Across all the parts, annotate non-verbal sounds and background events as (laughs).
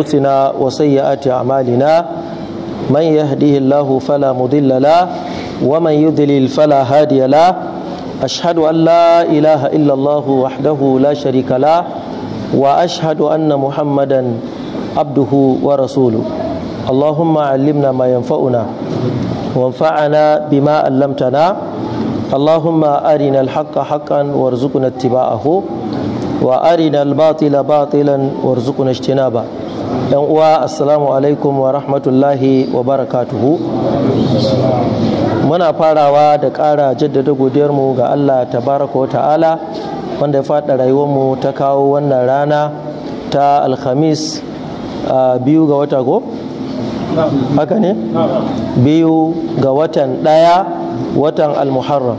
أنفسنا وسيئات أعمالنا من يهده الله فلا مضل له ومن يضلل فلا هادي له أشهد أن لا إله إلا الله وحده لا شريك له وأشهد أن محمدا عبده ورسوله اللهم علمنا ما ينفعنا وانفعنا بما علمتنا اللهم أرنا الحق حقا وارزقنا اتباعه وأرنا الباطل باطلا وارزقنا اجتنابه yan uwa assalamu alaikum wa rahmatullahi wa barakatuhu muna farawa da ƙara jaddada godiyarmu ga allah tabaraka wa ta'ala wanda ya faɗa rayuwar mu ta kawo wannan rana ta alhamis biyu ga wata go haka ne? biyu ga watan ɗaya watan almuharram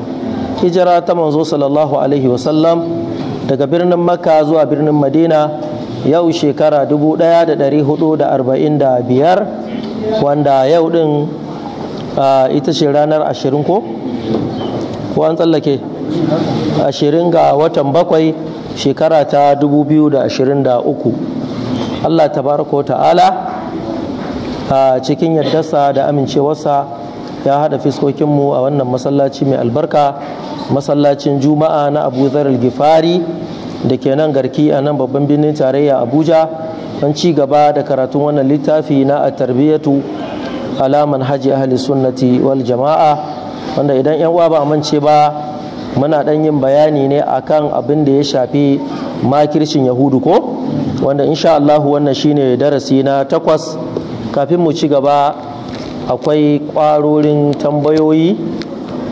hijira ta manzo sallallahu alaihi wasallam daga birnin makka zuwa birnin madina yau shekara 1445 wanda yau din ita ce ranar 20 ko? ko an tsallake 20 ga watan bakwai shekara ta 2023 Allah Ta barako ta'ala a cikin yaddasa da amincewarsa ya haɗa fiskokinmu a wannan masallaci mai albarka masallacin juma'a na abu zarar gifari da ke nan garki a nan babban birnin tarayya abuja an ci gaba da karatun wannan littafi na a tarbiyyatu alaman haji ahli sunnati wal jama'a wanda idan yan uwa ba mance ba muna dan yin bayani ne akan abin da ya shafi makircin yahudu ko wanda insha Allah wannan shine darasi na takwas kafin mu ci gaba akwai kwarorin tambayoyi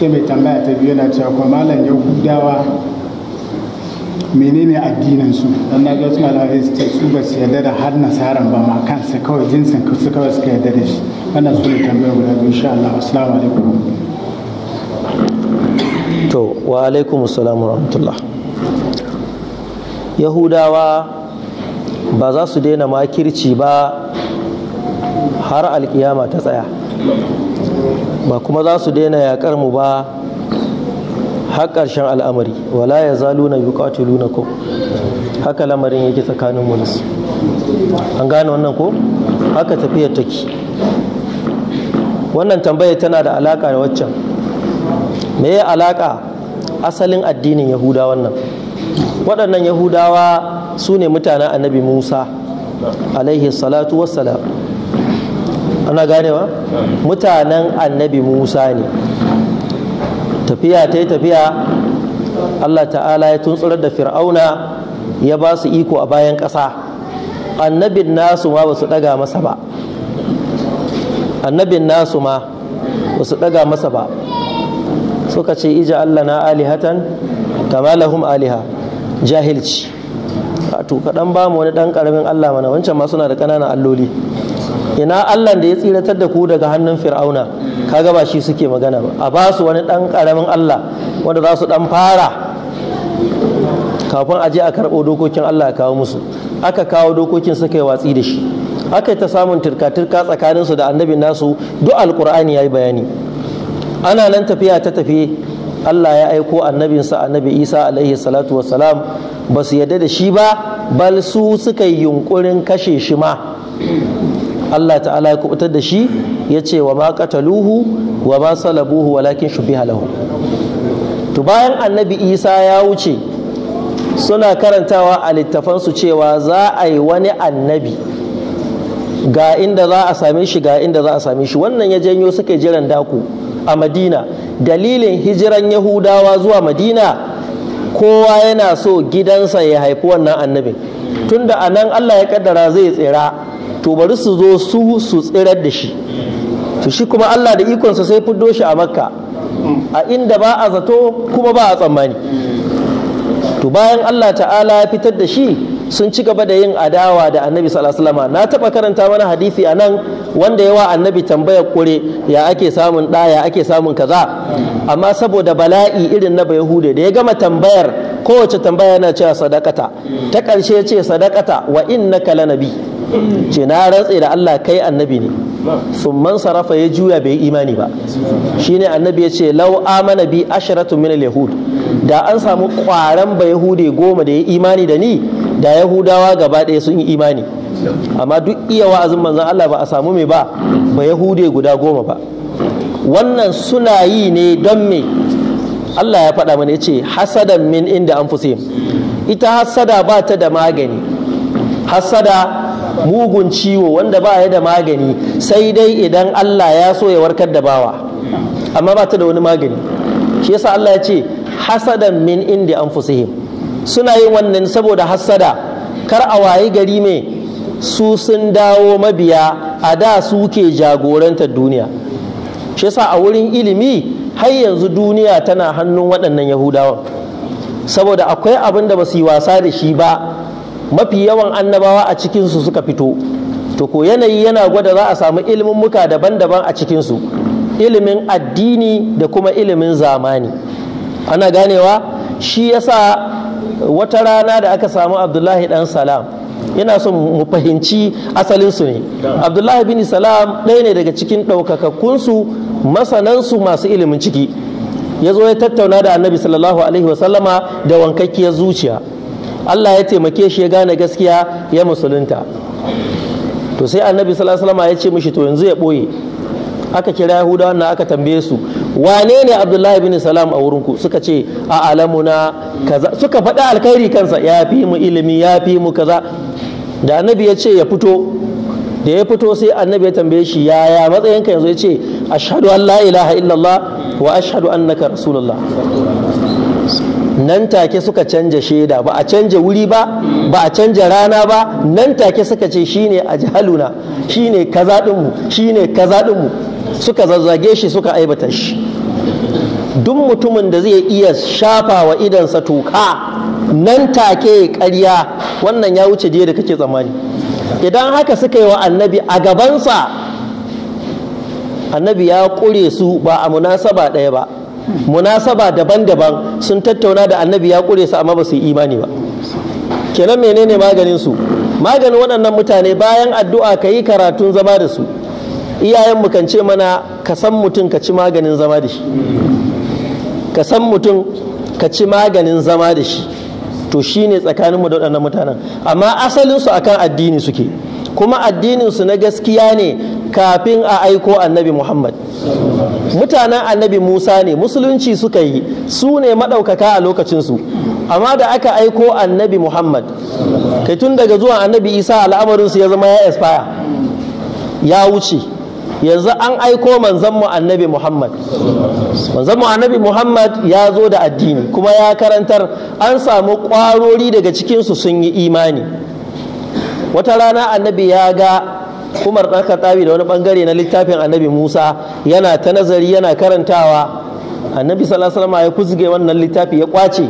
sai mai tambaya ta biyu yana cewa kuma malam yahudawa menene addinin su dan na gasu su malamai su ce su ba su yarda da har nasaran ba ma kansa kawai jinsin su kawai suka yarda da shi wannan su ne tambayar guda biyu insha Allah assalamu alaikum to wa alaikum assalamu rahmatullah yahudawa ba za su daina makirci ba har alkiyama ta tsaya ba kuma za su daina yaƙar mu ba har ƙarshen al'amari wala ya zalu na luna ko haka lamarin yake tsakanin mu su an gane wannan ko haka tafiyar take wannan tambayar tana da alaƙa da waccan me ya alaƙa asalin addinin yahuda wannan waɗannan yahudawa su ne mutanen annabi musa alaihi salatu wassalam ana ganewa mutanen annabi musa ne tafiya ta yi tafiya allah ta'ala ya tuntsurar da fir'auna ya ba su iko a bayan ƙasa annabin nasu ma ba su ɗaga masa ba annabin nasu ma ba su ɗaga masa ba suka ce ija allah na alihatan kama lahum aliha jahilci a to kaɗan ba mu wani ɗan ƙaramin allah mana wancan ma suna da ƙananan alloli ina Allah da ya tsiratar da ku daga hannun fir'auna kaga ba shi suke magana ba a ba su wani ɗan karamin Allah wanda za su dan fara kafin a je a karɓo dokokin Allah ya kawo musu aka kawo dokokin suka yi watsi da shi aka yi ta samun turka-turka tsakaninsu da annabi nasu duk alkur'ani ya yi bayani ana nan tafiya ta tafi Allah ya aiko annabinsa annabi Isa alaihi salatu wassalam ba su yadda da shi ba bal su suka yi yunkurin kashe shi ma Allah ta'ala ya kubutar da shi ya ce wa ma qataluhu wa ma salabuhu walakin shubiha lahu to bayan annabi isa ya wuce suna karantawa a littafan su cewa za a yi wani annabi ga inda za a same shi ga inda za a same shi wannan ya janyo suke jiran daku a madina dalilin hijiran yahudawa zuwa madina kowa yana so gidansa ya haifi wannan annabin tunda a nan allah ya kaddara zai tsira to bari su zo su su tsirar da shi to shi kuma Allah da ikonsa sai fiddo shi a makka a inda ba a zato kuma ba a tsammani to bayan Allah ta'ala ya fitar da shi sun ci gaba da yin adawa da annabi sallallahu na taba karanta mana hadisi a nan wanda yawa annabi tambayar kure ya ake samun ɗa ya ake samun kaza amma saboda bala'i irin na bayahude da ya gama tambayar kowace tambaya yana cewa sadakata ta ƙarshe ce sadakata wa innaka lanabi ce na rantse da Allah kai annabi ne man sarrafa ya juya bai imani ba Shi ne annabi ya ce lau amana bi ashiratu min yahud da an samu kwaran ba yahude goma da ya imani da ni da yahudawa gaba ɗaya sun yi imani amma duk iya wa'azin manzon Allah ba a samu mai ba ba yahude guda goma ba wannan suna yi ne don me Allah ya faɗa mana ya ce hasadan min inda an ita hasada ba ta da magani hasada mugun ciwo wanda ba ya da magani sai dai idan Allah ya so ya warkar da bawa amma ba ta da wani magani shi yasa Allah ya ce hasadan min indi anfusihim suna yin wannan saboda hasada kar a wayi gari me su sun dawo mabiya a da su ke jagorantar duniya shi yasa a wurin ilimi har yanzu duniya tana hannun waɗannan yahudawan saboda akwai abin da ba su yi wasa da shi ba mafi yawan annabawa a cikinsu suka fito to ko yanayi yana gwada za a samu ilimin muka daban-daban a cikinsu ilimin addini da kuma ilimin zamani ana ganewa shi yasa wata rana da aka samu abdullahi dan salam ina son mu fahimci asalinsu ne abdullahi bin salam ɗaya ne daga cikin ɗaukakakkunsu masanansu masu ilimin ciki ya zo ya tattauna da annabi sallallahu alaihi wasallama da wankakkiyar zuciya Allah ya taimake shi ya gane gaskiya ya musulunta to sai annabi sallallahu alaihi wasallam ya ce mishi to yanzu ya boye aka kira yahuda wannan aka tambaye su wane ne abdullahi bin salam a wurinku suka ce a alamuna kaza suka faɗa alkhairi kansa ya fi mu ilimi ya fi mu kaza da annabi ya ce ya fito da ya fito sai annabi ya tambaye shi yaya matsayinka yanzu ya ce ashhadu an la ilaha illallah wa ashhadu annaka rasulullah nan take suka canja shaida ba a canja wuri ba ba a canja rana ba nan take suka ce shine ajhaluna shine kaza dinmu shine kaza dinmu suka zazzage shi suka aibata shi duk mutumin da zai iya shafa wa idansa toka nan take ƙarya wannan ya wuce da kake tsammani idan haka suka yi wa annabi a gabansa annabi ya ƙure su ba a munasaba ɗaya ba munasaba daban-daban sun tattauna da annabi ya kure su amma ba su yi imani ba kenan menene maganin su maganin waɗannan mutane bayan addu'a ka yi karatun zama da su iyayenmu kan ce mana ka san mutum ka ci maganin zama da shi ka san mutum ka ci maganin zama da shi to shine tsakaninmu da waɗannan mutanen amma asalinsu akan addini suke kuma addinin su na gaskiya ne kafin a aiko annabi Muhammad mutanen annabi Musa ne musulunci suka yi su ne maɗaukaka a lokacinsu amma da aka aiko annabi Muhammad kai tun daga zuwan annabi Isa al'amarinsu ya zama ya espaya, ya wuce yanzu an aiko manzanmu annabi Muhammad manzanmu annabi Muhammad ya zo da addini kuma ya karantar an samu kwarori daga cikinsu sun yi imani wata rana annabi ya ga umar ɗan katabi da wani ɓangare na littafin annabi musa yana ta nazari yana karantawa annabi sallallahu ya kuzge wannan littafi ya kwace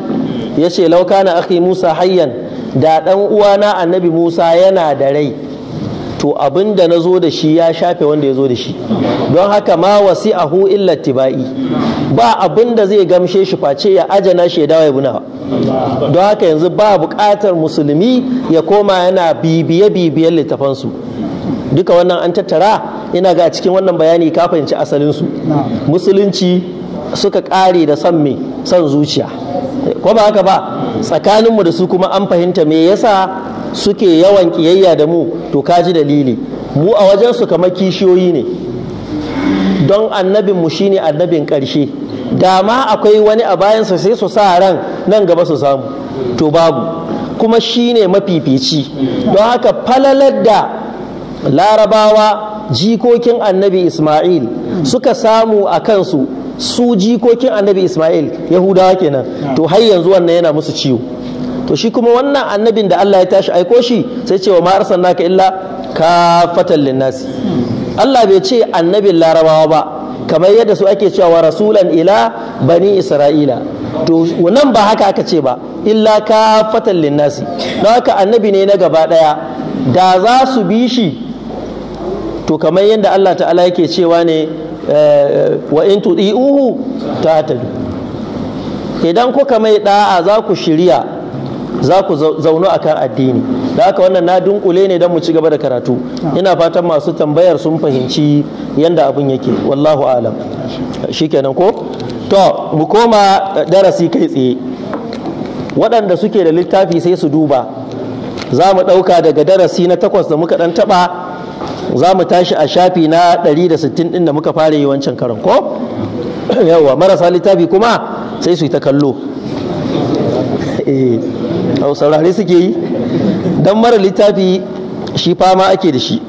ya ce lauka na akhi musa hayyan da ɗan uwana annabi musa yana da rai to abin da na zo da shi ya shafe wanda ya zo da shi don haka ma wasi ahu illa tiba'i ba abin da zai gamshe shi face ya ajana shi ya dawo ya buna don haka yanzu ba buƙatar musulmi ya koma yana bibiye bibiyen littafansu duka wannan an tattara ina ga cikin wannan bayani ka fahimci asalinsu musulunci suka ƙare da son me son zuciya ko ba haka ba tsakaninmu da su kuma an fahimta me yasa suke yawan ƙiyayya da mu to ka dalili mu a wajen su kamar kishiyoyi ne don annabin mu shine annabin ƙarshe da ma akwai wani a bayansa sai su sa ran nan gaba su samu to babu kuma shine mafifici don haka falalar da larabawa jikokin annabi isma'il suka samu a kansu su jikokin annabi isma'il yahudawa kenan to har yanzu wannan yana musu ciwo to shi kuma wannan annabin da Allah ya tashi aiko shi sai ce wa ma'arsan naka illa kafatan linnasi Allah bai ce annabin larabawa ba kamar yadda su ake cewa rasulan ila bani isra'ila to nan ba haka aka ce ba illa kafatan linnasi don haka annabi ne na gaba daya da za su bi shi to kamar yadda Allah ta'ala yake cewa ne eh, wa in tudi'uhu tahtadu idan kuka mai da'a za ku shirya za ku zaunu akan addini da haka wannan na dunkule ne don mu ci gaba da karatu ina fatan masu tambayar sun fahimci yadda abin yake wallahu alam shikenan ko to mu koma darasi kai tsaye waɗanda suke da littafi sai su duba za mu ɗauka daga darasi na takwas da muka ɗan taɓa za mu tashi a shafi na 160 ɗin da muka fara yi wancan karin ko yawa marasa littafi kuma sai su yi ta kallo eh, a saurari suke yi don mara littafi shi fama ake da shi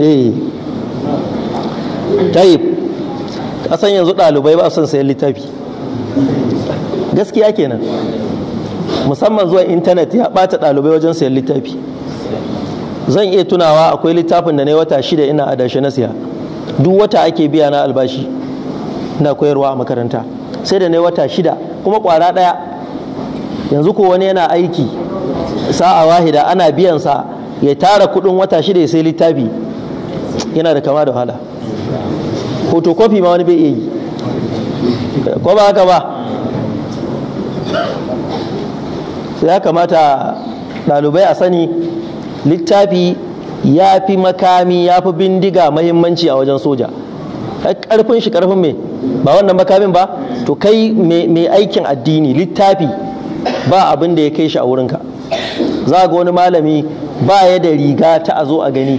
eh. tayi kasan yanzu ɗalibai ba son sayan littafi gaskiya kenan musamman zuwa intanet ya ɓata ɗalibai wajen sayan littafi zan iya tunawa akwai littafin da na wata shida ina adashe na siya duk wata ake biya na albashi na koyarwa a makaranta sai da na wata shida kuma kwara ɗaya yanzu ko wani yana aiki sa'a wahida ana biyan sa ya tara kuɗin wata shida ya sai littafi yana da kama da wahala kofi ma wani bai iya yi ko ba haka ba ya kamata ɗalibai a sani littafi ya fi makami ya fi bindiga mahimmanci a wajen soja karfin shi karfin me ba wannan makamin ba to kai mai aikin addini littafi ba abin da ya kai shi a wurinka za ga wani malami ba ya da riga ta a zo a gani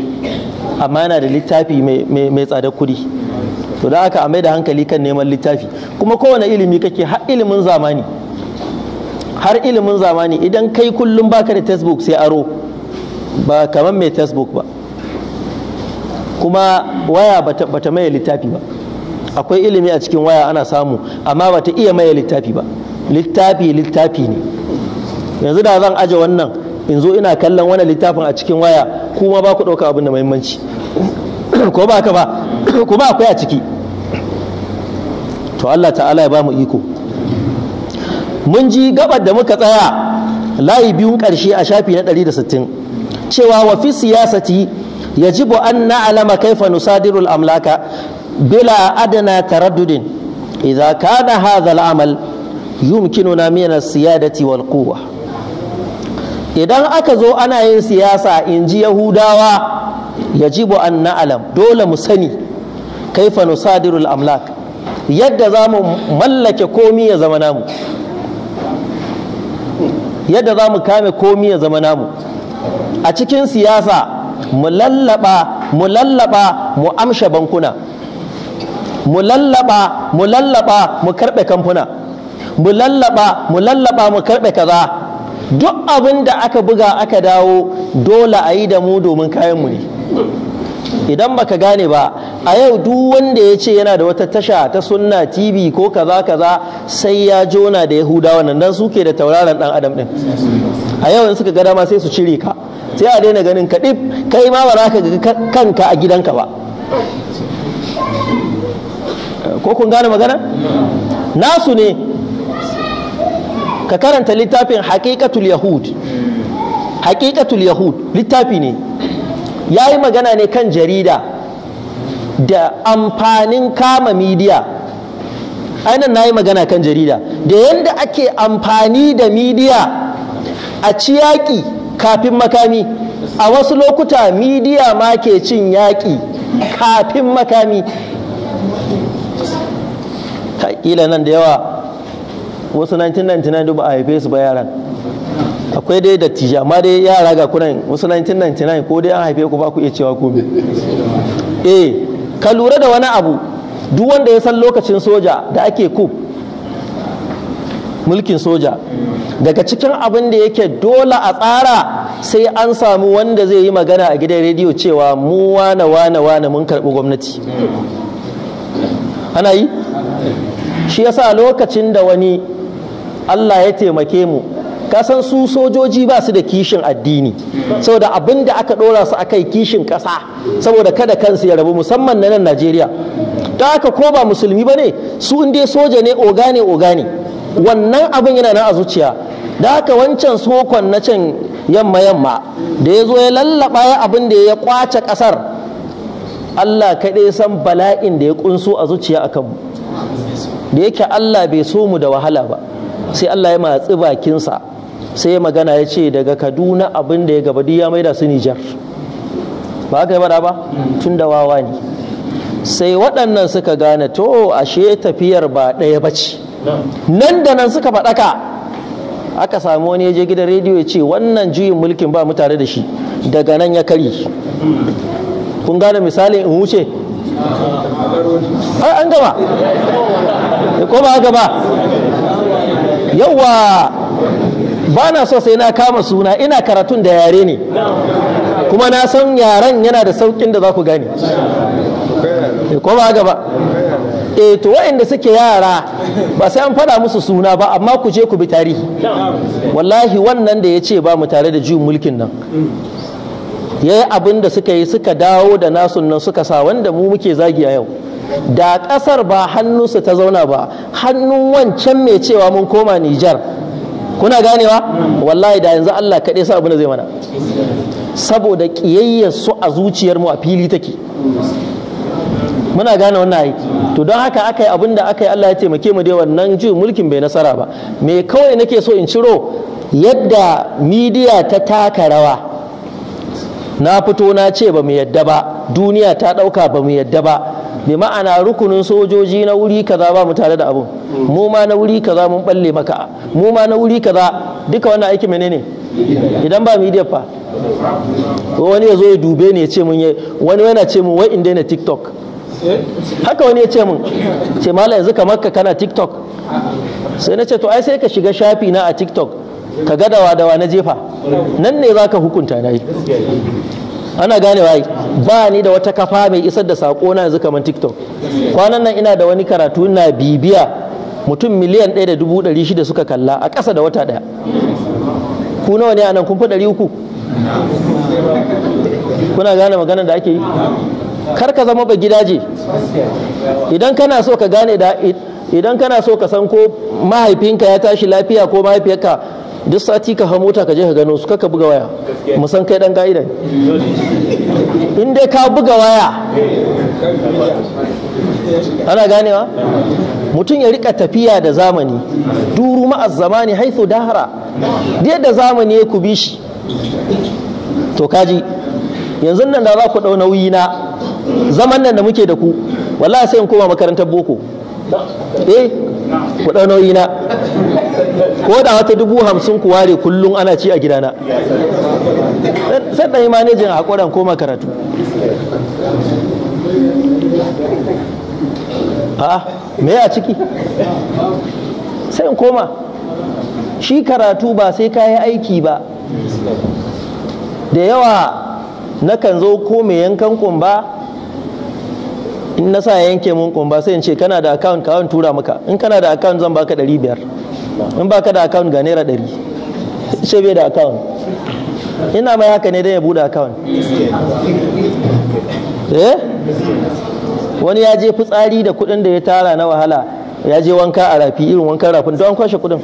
amma yana da littafi mai tsada kuɗi. to da aka amai da hankali kan neman littafi kuma kowane ilimi kake har ilimin zamani har ilimin zamani idan kai kullum baka da textbook sai aro ba kamar mai facebook ba kuma waya bata maye littafi ba akwai ilimi a cikin waya ana samu amma bata iya maye littafi ba littafi littafi ne yanzu da zan aje wannan in zo ina kallon wani littafin a cikin waya kuma ba ku ɗauka abin da muhimmanci ko ba ka ba (coughs) kuma akwai a ciki to Allah ta'ala ya ba mu iko mun ji gabar da muka tsaya layi biyun ƙarshe a shafi na 160 cewa wa fi siyasati yajibu an na'lama kaifa nusadiru amlaka bila adana taraddudin idza kana hadha al yumkinuna min as-siyadati wal quwwa idan aka zo ana yin siyasa in ji yahudawa yajibu an na'lam dole mu sani kaifa nusadiru amlak yadda za mu mallake komi ya zama namu yadda za mu kame komi ya zama namu a cikin siyasa mu lallaba mu lallaba mu amsha bankuna mu lallaba mu lallaba mu karɓe kamfuna mu lallaba mu lallaba mu karɓe kaza duk abin da aka buga aka dawo dole a yi da mu domin kayanmu ne idan baka gane ba a yau duk wanda ya ce yana da wata tasha ta sunna tv ko kaza kaza sai ya jona da yahudawa nan dan suke da tauraron dan adam din a yau in suka ga dama sai su cire ka sai a daina ganin ka dip kai ma ba za ka ga kanka a gidanka ba ko kun gane magana nasu ne ka karanta littafin haqiqatul yahud haqiqatul yahud littafi ne ya yi magana ne kan jarida da amfanin kama midiya ainihin na yi magana kan jarida da yadda ake amfani da midiya a ci yaƙi kafin makami a wasu lokuta midiya ma ke cin yaƙi kafin makami ƙila nan da yawa wasu 1999 ba a haife su ba yaran akwai dai tija, amma dai yara ga kuna wasu 1999 ko dai an haife ku ba ku iya cewa ko eh ka lura da wani abu duk wanda ya san lokacin soja da ake ku mulkin soja daga cikin abin da yake dole a tsara sai an samu wanda zai yi magana a gidan rediyo cewa mu wane wane wane mun karɓi gwamnati ana yi shi yasa lokacin da wani Allah ya taimake mu kasan su sojoji ba su da kishin addini saboda abin da aka ɗora su kai kishin ƙasa saboda kada kansu ya rabu musamman na nan najeriya ta aka ko ba musulmi ba ne su inda soja ne oga ogane wannan abin yana na a zuciya da aka wancan sokon na can yamma yamma da ya zo ya lallaba ya abin da ya kwace ƙasar allah kaɗai san bala'in da ya kunso a zuciya a kanmu da yake allah bai so mu da wahala ba sai Allah ya matsi bakinsa sai magana ya ce daga kaduna abin ya gaba duk ya maida su nijar ba ka yi bada ba tun da wawa ne sai waɗannan suka gane to ashe tafiyar ba ɗaya ba ce nan da nan suka faɗaka aka samu wani ya je gidan rediyo ya ce wannan juyin mulkin ba mu tare da shi daga nan ya karye kun gane misali in wuce an gaba ko ba gaba Yawwa. ba na so sai na kama suna ina karatun da yare ne kuma na san yaren yana da saukin da za ku gane ko ba gaba e eh, to waɗanda suke yara ba sai an fada musu suna ba amma ku je ku bi tarihi wallahi wannan da ya ce ba mu tare da juyin mulkin nan ya yi abin da suka yi suka dawo da nasun nan suka sa wanda mu muke zagiya yau da ƙasar ba hannunsu ta zauna ba hannun wancan mai cewa mun koma nijar kuna ganewa wallahi da yanzu Allah kaɗai sa abu da zai mana saboda ƙiyayyar su a zuciyar mu a fili take muna gane wannan aiki. to don haka aka yi abin da aka yi Allah ya taimake mu dai wannan ji mulkin bai nasara ba me kawai nake so in ciro yadda midiya ta taka rawa na fito na ce ba mu yadda ba duniya ta ɗauka ba mu yadda ba bi ma'ana rukunin sojoji na wuri kaza ba mu tare da abun mu ma na wuri kaza mun balle maka mu ma na wuri kaza duka wannan aiki menene idan ba mu idiyar fa wani ya zo ya dube ne ya ce mun wani yana ce mun wai in daina tiktok haka wani ya ce mun ce mala yanzu kamar ka kana tiktok sai na ce to ai sai ka shiga shafi na a tiktok ka ga dawa dawa na jefa nan ne za ka hukunta na yi ana gane wai ba ni da wata kafa mai isar da sako na yanzu kamar tiktok kwanan nan ina da wani karatu na bibiya mutum miliyan ɗaya da dubu ɗari shida suka kalla a ƙasa da wata ɗaya ku nawa ne a nan kun fi ɗari uku kuna gane maganar da ake yi kar ka zama ba gidaje idan kana so ka gane da idan kana so ka san ko mahaifinka ya tashi lafiya ko mahaifiyarka duk sati ka hau mota ka je ka gano su kaka buga waya musan kai dan ka'ida in dai ka buga waya ana ganewa mutum ya rika tafiya da zamani duru ma'az zamani haithu dahara da zamani ya kubi shi to kaji yanzu nan da za ku dau nauyi na zaman nan da muke da ku wallahi sai in koma makarantar boko eh ku dau nauyi na ko da wata dubu hamsin ku ware kullum ana ci a gidana sannan yi manajin a haƙuran ko karatu a me a ciki sai in koma shi karatu ba sai ka yi aiki ba da yawa nakan zo ko mai yankan kumba in na sa yanke mun kumba sai in ce kana da account kawon tura maka in kana da account zan baka 500 in ba ka da account ga naira ɗari sai bai da account ina mai haka ne don ya buɗe account eh wani ya je fitsari da kuɗin da ya tara na wahala ya je wanka a rafi irin wankan rafin don an kwashe kuɗin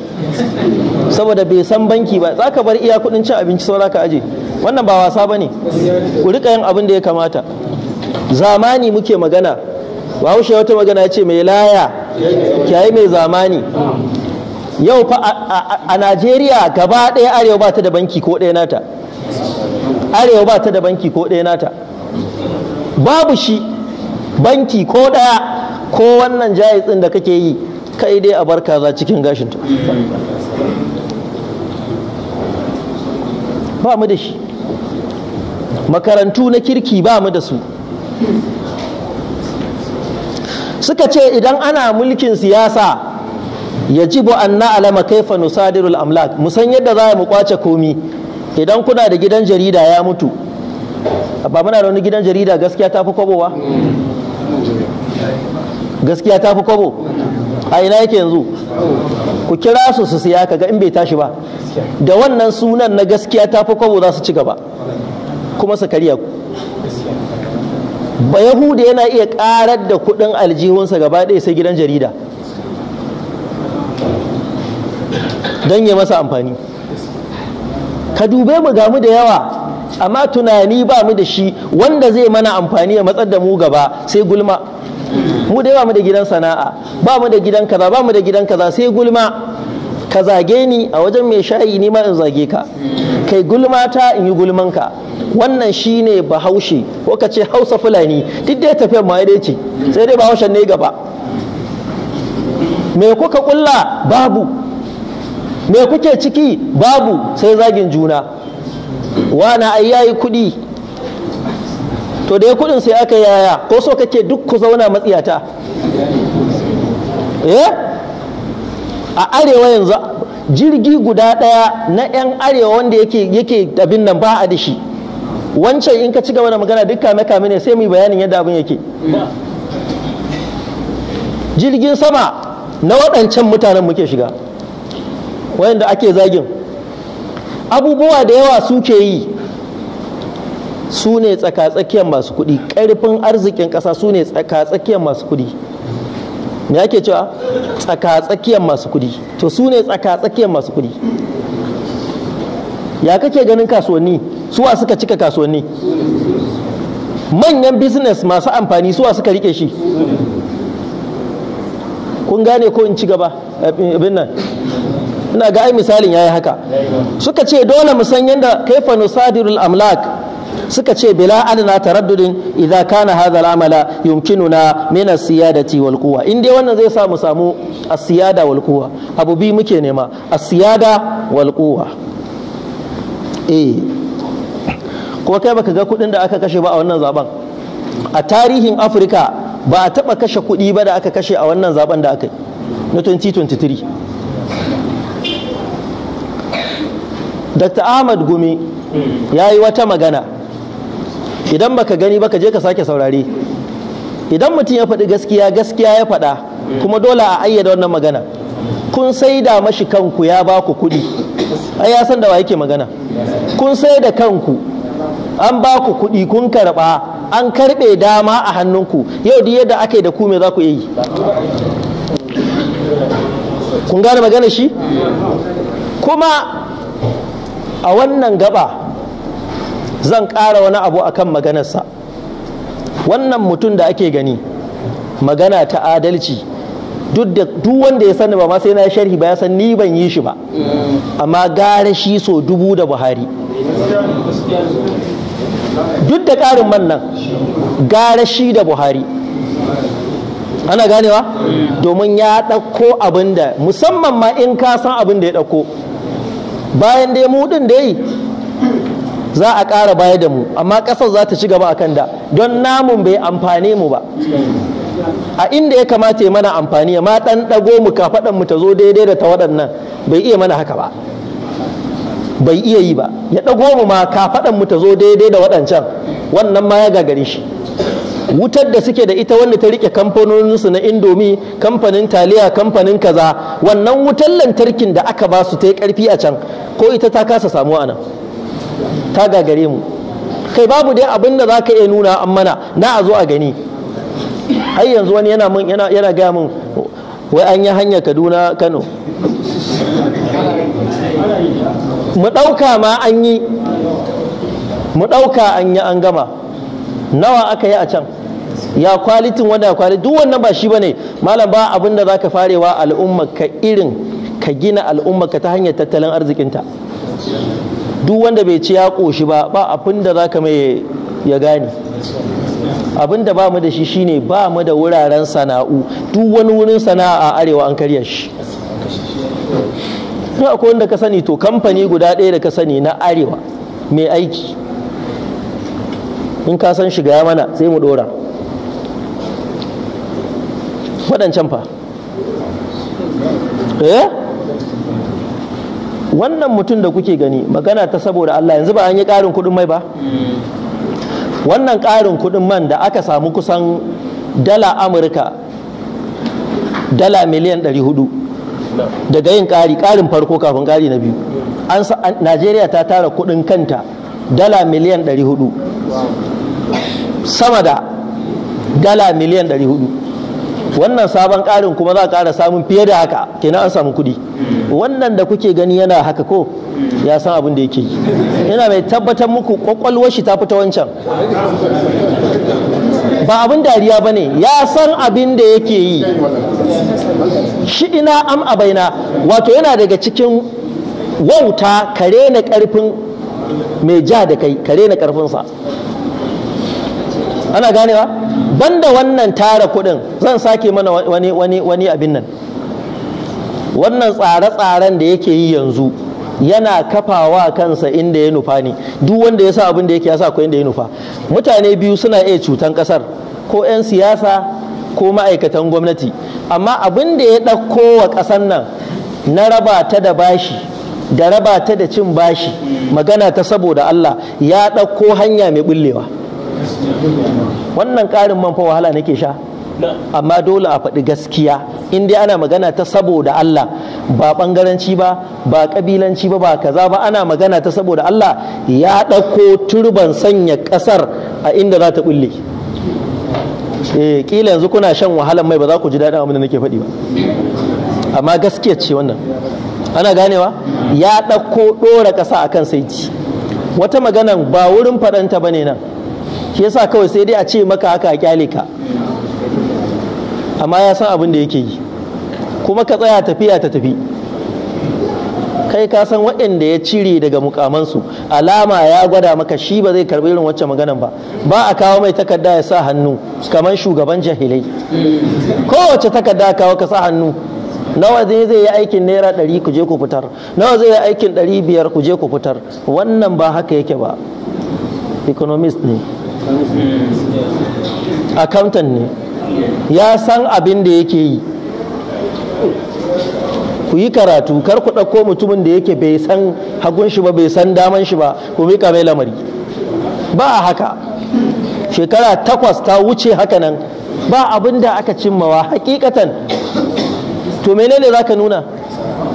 saboda bai san banki ba za ka bar iya kuɗin cin abinci saura ka aje wannan ba wasa ba ne ku riƙa yin abin da ya kamata zamani muke magana bahaushe wata magana ya ce mai laya kyayi mai zamani yau fa a Najeriya gaba ɗaya arewa ba ta da banki ko ɗaya nata arewa ba ta da banki ko ɗaya nata babu shi banki ko ɗaya ko wannan jayiz ɗin da kake yi kai dai a bar kaza cikin ta ba mu da shi makarantu na kirki ba mu da su suka ce idan ana mulkin siyasa yajibu an Kai kaifa nusadirul amlak mu san yadda za mu kwace komi idan kuna da gidan jarida ya mutu ba muna da wani gidan jarida gaskiya ta fi kwabowa gaskiya ta fi kwabo a ina yake yanzu ku kira su su siya kaga in bai tashi ba da wannan sunan na gaskiya ta fi kwabo za su ci gaba kuma su karya ku ba yahuda yana iya karar da kudin aljihunsa gaba ɗaya sai gidan jarida don ya masa amfani ka dube mu gamu da yawa amma tunani ba mu da shi wanda zai mana amfani ya matsar da mu gaba sai gulma mu da yawa mu da gidan sana'a ba mu da gidan kaza ba mu da gidan kaza sai gulma ka zage ni a wajen mai shayi ni ma in zage ka kai gulma ta in yi gulman ka wannan shine bahaushe ko ka ce hausa fulani duk dai tafiyar ma dai ce sai dai bahaushen ne gaba me kuka kulla babu me kuke ciki babu sai zagin juna wana ai yayi kuɗi to da ya kuɗin sai aka yaya ko so kake duk ku zauna matsiyata eh? a arewa yanzu jirgi guda ɗaya na 'yan arewa wanda yake yake abin nan ba a da shi wancan in ka ci gaba da magana duk kame kame ne sai mu bayanin yadda abin yake jirgin sama na waɗancan mutanen muke shiga wayanda ake zagin abubuwa da yawa suke yi su ne tsakatsakiyar masu kuɗi ƙarfin arzikin ƙasa su ne tsakatsakiyar masu kuɗi me ake cewa tsakatsakiyar masu kuɗi to su ne tsakatsakiyar masu kuɗi ya kake ganin kasuwanni suwa suka cika kasuwanni manyan business masu amfani suwa suka rike shi kun gane ko in ci gaba abin nan ina ga ai misalin yayi haka suka ce dole mu san yanda kaifa nusadirul amlak suka ce bila adana taraddudin idza kana hadha al'amala yumkinuna min as-siyadati wal quwwa in dai wannan zai sa mu samu as-siyada wal quwwa abu bi muke nema as-siyada wal quwwa eh kuma kai baka ga kudin da aka kashe ba a wannan zaben a tarihin Afirka ba a taba kashe kudi ba da aka kashe a wannan zaben da aka yi na 2023 dr ahmad gumi ya yi wata magana idan baka gani baka je ka sake saurari idan mutum ya faɗi gaskiya gaskiya ya faɗa kuma dole a ayyada wannan magana kun sai da mashi kanku ya ba ku kuɗi ai ya san da wa yake magana kun sai da kanku an ba ku kuɗi kun karɓa an karɓe dama a hannunku yau da yadda aka yi da ku me za ku yi kun gane magana shi kuma a wannan gaba zan ƙara wani abu a kan maganarsa wannan mutum da ake gani magana ta adalci duk wanda ya sani ba ma sai na sharhi ba ya san ni ban yi shi ba amma gara shi so dubu da buhari duk da ƙarin man nan gara shi da buhari ana ganewa domin ya ɗauko abin da musamman ma in ka san abin da ya ɗauko bayan da dai mu din yi za a ƙara baya da mu amma ƙasar za ta ci gaba a kan da don namun bai amfane mu ba a inda ya kamata ya mana amfani ya ma ɗan ɗago mu kafaɗan mu ta zo daidai da ta waɗannan bai iya mana haka ba bai iya yi ba ya ɗago mu ma kafaɗan mu ta zo daidai da waɗancan wannan ma ya gagare shi wutar da suke da ita wanda ta rike kamfanoninsu na indomi kamfanin taliya kamfanin kaza wannan wutar lantarkin da aka ba su ta yi karfi a can ko ita ta kasa samu nan ta gagare mu kai babu dai abin da za ka iya nuna an mana na a zo a gani har yanzu wani yana yana gaya min wai an yi hanyar kaduna kano mu ɗauka ma an yi mu ɗauka an yi an gama nawa aka yi a can ya kwalitin wanda ya kwalitin duk wannan ba shi ba ne malam ba abin da ka farewa al'umma ka irin ka gina al'umma ka ta hanyar tattalin arzikinta duk wanda bai ci ya koshi ba ba abin da zaka mai ya gane abin da ba mu da shi shine ba mu da wuraren sana'u duk wani wurin sana'a a arewa an karya shi akwai wanda ka sani to kamfani guda ɗaya da ka sani na arewa mai aiki in ka san shiga ya mana sai mu dora waɗancan fa eh wannan mutum da kuke gani magana ta saboda Allah yanzu ba an yi ƙarin kuɗin mai ba wannan ƙarin kuɗin man da aka samu kusan dala amurka dala miliyan 400 daga yin ƙari ƙarin farko kafin ƙari na biyu najeriya ta tara kuɗin kanta dala miliyan 400 sama da dala miliyan 400 wannan sabon ƙarin kuma za a ƙara samun fiye da haka kenan an samu kuɗi wannan da kuke gani yana haka ko ya san abin da yake yana mai tabbatar muku kwakwalwar shi ta fita wancan ba abin dariya ba ne ya san abin da yake yi shi ina am abaina wato yana daga cikin wauta kare na karfin mai ja da kai kare na karfinsa ana ganewa banda wannan tara kuɗin zan sake mana wani wani wani abin nan wannan tsare-tsaren da yake yi yanzu yana kafawa kansa inda ya nufa ne duk wanda yasa sa abin da yake ya sa akwai inda ya nufa mutane biyu suna iya cutan kasar ko 'yan siyasa ko ma'aikatan gwamnati amma abin da ya ɗauko wa ƙasar nan na raba ta da bashi da raba ta da cin bashi magana ta saboda Allah ya ɗauko hanya mai bullewa. wannan karin man fa wahala nake sha amma dole a faɗi gaskiya in dai ana magana ta saboda Allah ba ɓangaranci ba ba ƙabilanci ba ba kaza ba ana magana ta saboda Allah ya ɗauko turban sanya ƙasar a inda za ta ɓulle eh kila yanzu kuna shan wahalan mai ba za ku ji daɗin abin da nake faɗi ba amma gaskiya ce wannan ana ganewa ya ɗauko ɗora ƙasa akan saiti wata maganan ba wurin faɗanta ba ne nan shi yasa kawai sai dai a ce maka haka a kyale ka amma ya san abin da yake yi kuma ka tsaya tafiya ta tafi kai ka san waɗanda ya cire daga mukamansu alama ya gwada maka shi ba zai karɓi irin wacce maganan ba ba a kawo mai takarda ya sa hannu kamar shugaban jahilai kowace takarda kawo ka sa hannu nawa zai zai yi aikin naira ɗari ku je ku fitar nawa zai yi aikin ɗari biyar ku je ku fitar wannan ba haka yake ba economist ne Akantan ne ya san abin da yake yi ku yi karatu kar ku ɗauko mutumin da yake bai san hagun shi ba bai san daman shi ba ku mika mai lamari ba a haka shekara takwas ta wuce haka nan ba abin da aka cimmawa hakikatan to menene za ka nuna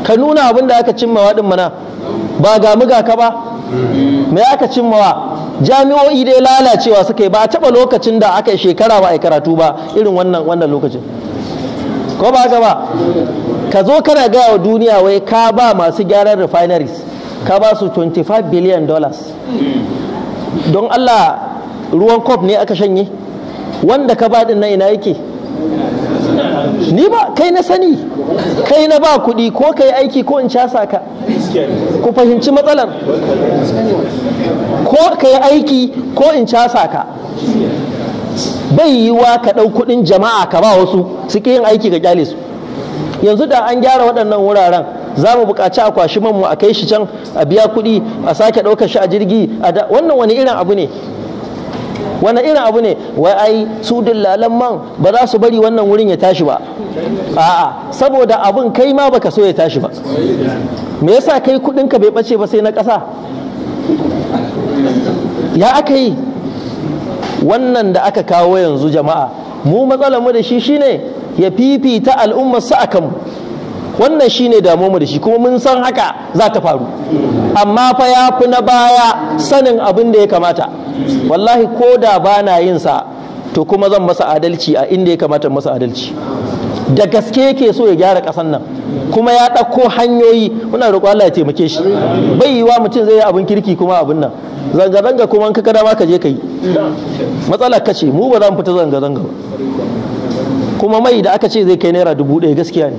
ka nuna abin da aka cimmawa din mana ba ga muga ka ba me aka cimmawa jami'o'i dai lalacewa suka yi ba a taɓa lokacin da aka yi shekara ba a karatu ba irin wannan wannan lokacin ko ba ga ba ka zo kana gaya wa duniya wai ka ba masu gyaran refineries ka ba su 25 billion dollars don allah ruwan kof ne aka shanye wanda ka ba din nan ina yake ni ba kai na sani kai na ba kuɗi ko kai aiki ko in casa ka ku fahimci matsalar ko kai aiki ko in casa ka bai yiwa ka ɗau kuɗin jama'a ka ba wasu suke yin aiki ga kyale su yanzu da an gyara waɗannan wuraren za mu buƙaci a kwashi man mu a kai shi can a biya kuɗi a sake ɗaukar shi a jirgi wannan wani irin abu ne wani irin abu ne wai ai su dillalan man ba za su bari wannan wurin ya tashi ba a'a saboda abun kai ma baka so ya tashi ba me yasa kai kudin ka bai bace ba sai na ƙasa ya aka yi wannan da aka kawo yanzu jama'a mu matsalar mu da shi shine ya fifita al'ummar su akan mu wannan shi ne damuwa da shi kuma mun san haka za ta faru amma fa ya fi na baya sanin abin da ya kamata wallahi ko da ba na yin sa to kuma zan masa adalci a inda ya kamata masa adalci da gaske yake so ya gyara ƙasar nan kuma ya ɗauko hanyoyi muna da Allah ya taimake shi bai yiwa mutum zai yi abin kirki kuma abin nan zanga zanga kuma ka kada ka je ka yi Matsala ka ce mu ba za mu fita zanga zanga ba kuma mai da aka ce zai kai naira dubu ɗaya gaskiya ne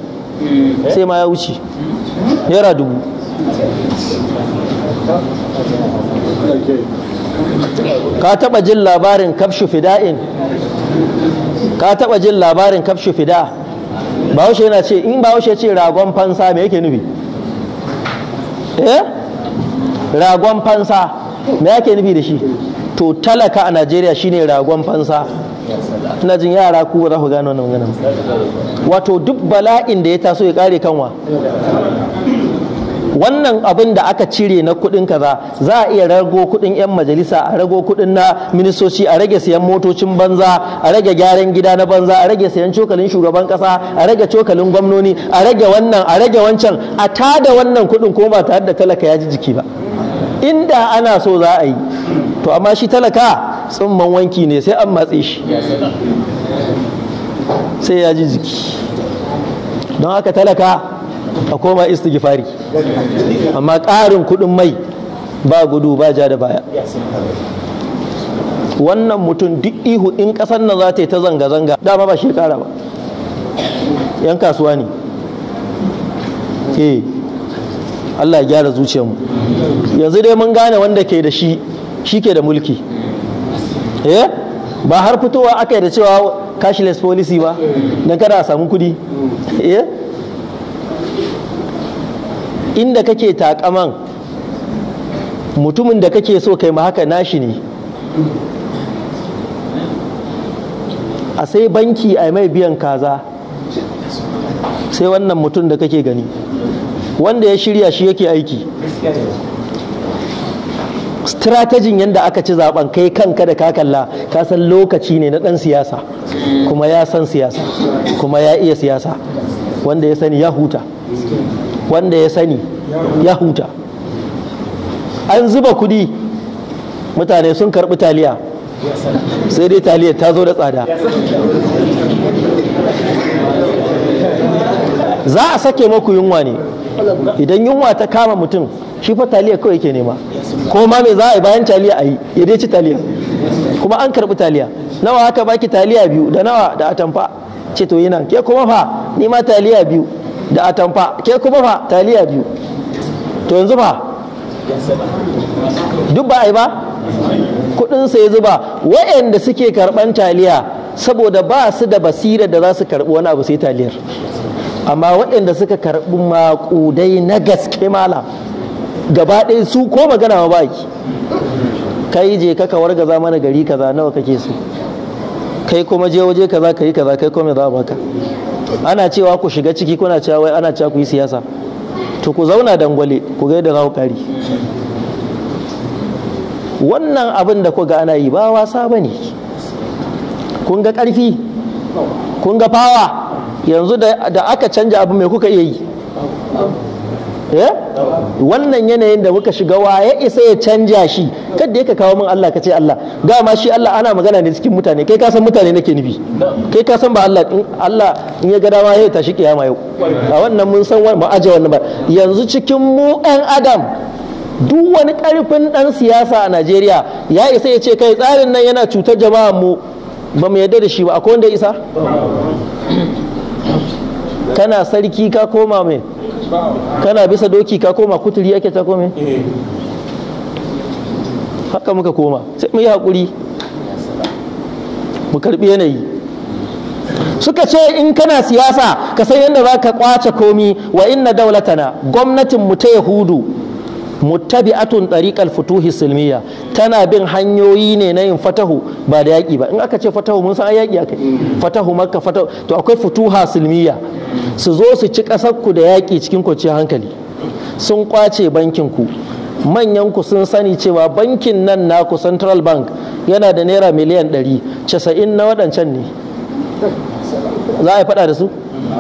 sai ma ya wuce naira dubu ka taba jin labarin kafshu fida'in ka taba jin labarin kafshu fida bahaushe yana ce in bahaushe ce ragon fansa me yake nufi eh ragon fansa me yake nufi da shi to talaka a najeriya shine ragon fansa ina jin yara ku ba za ku gano wannan magana wato duk bala'in da ya taso ya kare kanwa wannan abin da aka cire na kuɗin kaza za a iya rago kuɗin 'yan majalisa a rago kuɗin na ministoci a rage sayan motocin banza a rage gyaran gida na banza a rage sayan cokalin shugaban kasa a rage cokalin gwamnoni a rage wannan a rage wancan a tada wannan kuɗin ko ba tare da talaka ya ji jiki ba inda ana so za a yi to amma shi talaka tsumman wanki ne sai an matse shi sai ya ji jiki don haka talaka a koma istighfari amma ƙarin kuɗin mai ba gudu ba ja da baya wannan mutum duk ihu in ƙasar nan za ta yi ta zanga-zanga dama ba shekara ba yan kasuwa ne eh Allah ya gyara zuciyarmu yanzu dai mun gane wanda ke da shi shi ke da mulki eh ba har fitowa aka yi da cewa cashless policy ba don kada a samu kudi eh inda kake takaman mutumin da kake so kai ma haka nashi ne a sai banki a mai biyan kaza sai wannan mutum da kake gani wanda ya shirya shi yake aiki strategin yadda aka ci zaben kai kanka da ka kalla ka san lokaci ne na dan siyasa kuma ya san siyasa kuma ya iya siyasa wanda ya sani ya huta wanda ya sani ya huta an zuba kudi mutane sun karbi taliya sai dai taliya ta zo da tsada za a sake maku yunwa ne idan yunwa ta kama mutum shi fa taliya kawai yake nema ko ma me za a yi bayan taliya a yi ya dai ci taliya kuma an karbi taliya nawa haka baki taliya biyu da nawa da atamfa ce to yana ke kuma fa ni ma taliya biyu da atamfa ke kuma fa taliya biyu to yanzu fa duk ba a yi ba kudinsa ya zuba waɗanda suke karɓan taliya saboda ba su da basira da za su karɓi wani abu sai taliyar amma waɗanda suka karɓi maƙudai na gaske mala gaba ɗaya su ko magana ma baki kai je ka kawar gaza mana gari kaza nawa kake so kai kuma je waje kaza kai kaza kai kuma za baka ana cewa ku shiga ciki kuna cewa wai ana cewa ku yi siyasa to ku zauna dangwale ku ga yadda za ku kari wannan abin da ku ga ana yi ba wasa bane kun ga ƙarfi kun ga fawa yanzu da aka canja abu mai kuka iya yi eh? wannan yanayin da muka shiga wa ya isa ya canja shi kadda yake kawo min Allah ka ce Allah ga ma shi Allah ana magana ne cikin mutane kai ka san mutane nake nufi kai ka san ba Allah in Allah in ya ga dama ya tashi kiyama yau a wannan mun san mu aje wannan ba yanzu cikin mu ɗan adam duk wani karfin ɗan siyasa a Najeriya ya isa ya ce kai tsarin nan yana cutar jama'a mu ba mu yarda da shi ba akwai wanda isa kana sarki ka koma mai kana bisa doki ka koma kuturi ake ta kome eh. haka muka koma sai mu yi haƙuri mu karɓi yanayi suka ce in kana siyasa ka san yadda za ka ƙwace komi wa inna daulatana gwamnatin mu ta yahudu muttabi'atun tariqal futuhi silmiya tana bin hanyoyi ne na yin fatahu ba da yaƙi ba in aka ce fatahu mun san yaƙi akai fatahu makka fatahu to akwai futuha silmiya su zo su ci ƙasar ku da yaƙi cikin kwanciyar hankali sun kwace bankin ku manyan ku sun sani cewa bankin nan naku central bank yana da naira miliyan 100 casa'in na waɗancan ne za a yi faɗa da su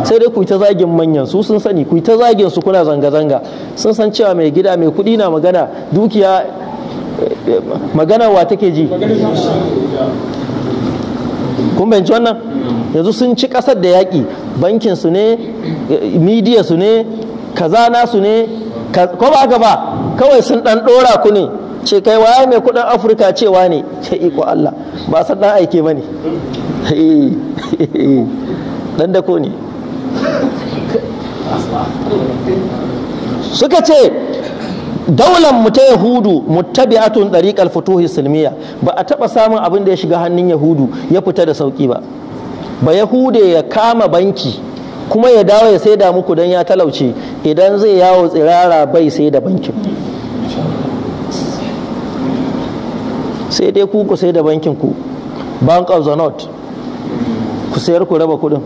sai dai ku ta zagin manyan su sun sani ku ta zagin su kuna zanga-zanga sun san cewa mai gida mai kudi na magana dukiya magana wa take ji kun bayanci wannan yanzu sun ci kasar da yaƙi bankin su ne midiya su ne kaza su ne ko ba gaba kawai sun dan dora ku ne ce kai waye mai kudin afirka cewa ne ce (laughs) iko Allah ba san dan aike ba ne dan da ko ne suka ce daular mu ta yahudu muttabi'atun dariqal futuhi silmiya ba a taba samun abin da ya shiga hannun yahudu ya fita da sauki ba ba yahude ya kama banki kuma ya dawo ya saida muku don ya talauci idan zai yawo tsirara bai sai da bankin sai dai ku ku sai da bankin ku bank of the north ku sayar ku raba kudin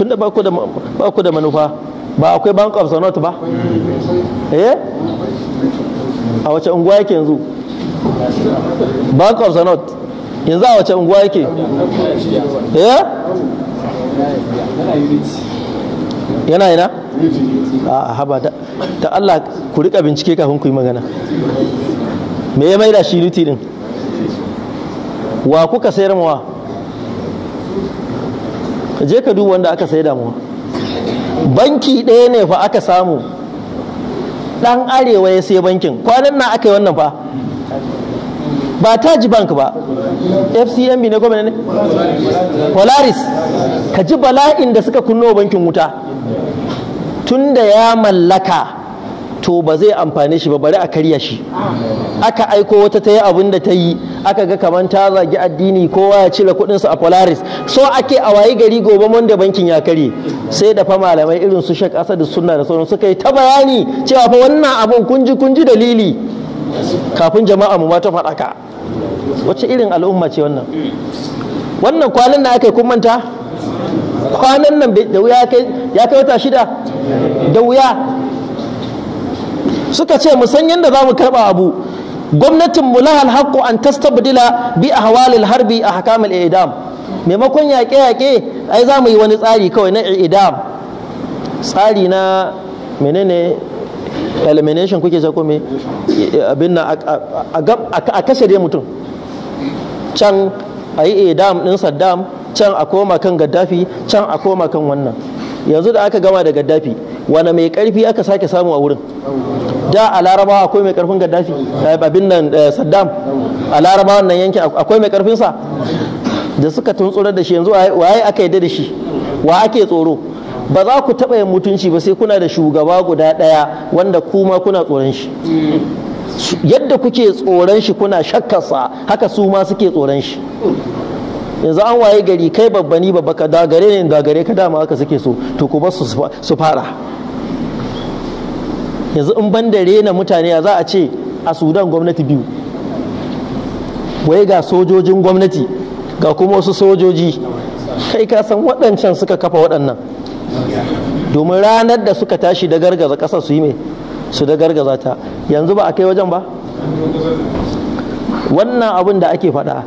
tunda ba ku da ba ku da manufa ba akwai bank of sanot ba eh a wace unguwa yake yanzu bank of sanot yanzu a wace unguwa yake eh yana yana? a haba ta Allah ku rika bincike kafin ku yi magana me ya maida shi unity din wa kuka sayar mawa ka je ka duba wanda aka sai damuwa banki ɗaya ne fa aka samu ɗan arewa ya sai bankin kwanan na aka yi wannan fa ba ta ji bank ba fcmb ne gwamnati ne polaris ka ji bala'in da suka kunno bankin wuta tun da ya mallaka to ba zai amfane shi ba bari a karya shi aka aiko wata ta yi abin da ta yi aka ga kamar ta zagi addini kowa ya cire su a polaris so ake a wayi gari gobe wanda bankin ya karye sai da fa malamai irin su shek asadu sunna da sauran suka yi ta bayani cewa fa wannan abun kunji kunji dalili kafin jama'a mu ma ta faɗaka wacce irin al'umma ce wannan wannan kwanan da aka yi kun manta kwanan nan da wuya ya kai wata shida da wuya suka ce mu san yadda za mu karɓa abu gwamnatin mu lahal haqqu an tastabdila bi ahwalil harbi a hakamil idam maimakon yaƙe-yaƙe ai za mu yi wani tsari kawai na idam tsari na menene elimination kuke sako me abin na a kashe dai mutum can a yi idam ɗin saddam can a koma kan gaddafi can a koma kan wannan yanzu da aka gama da gaddafi wani mai karfi aka sake samu a wurin da a larabawa akwai mai karfin gaddafi eh, abin nan eh, saddam a laraba nan yankin akwai mai karfinsa da suka tuntsura da shi yanzu waye aka yadda da shi wa ake tsoro ba za ku taɓa yin mutunci ba sai kuna da shugaba guda ɗaya wanda kuma kuna tsoron shi yadda kuke tsoron shi kuna shakkarsa haka su ma suke tsoron shi yanzu an waye gari kai babba babba ka da gare ne gare ka dama aka suke so to ku bar su fara yanzu in ban da rena mutane za a ce a sudan gwamnati biyu wai ga sojojin gwamnati ga kuma wasu sojoji kai ka san waɗancan suka kafa waɗannan domin ranar da suka tashi da gargaza ƙasa su yi mai su da gargaza ta yanzu ba a kai wajen ba wannan abin da ake faɗa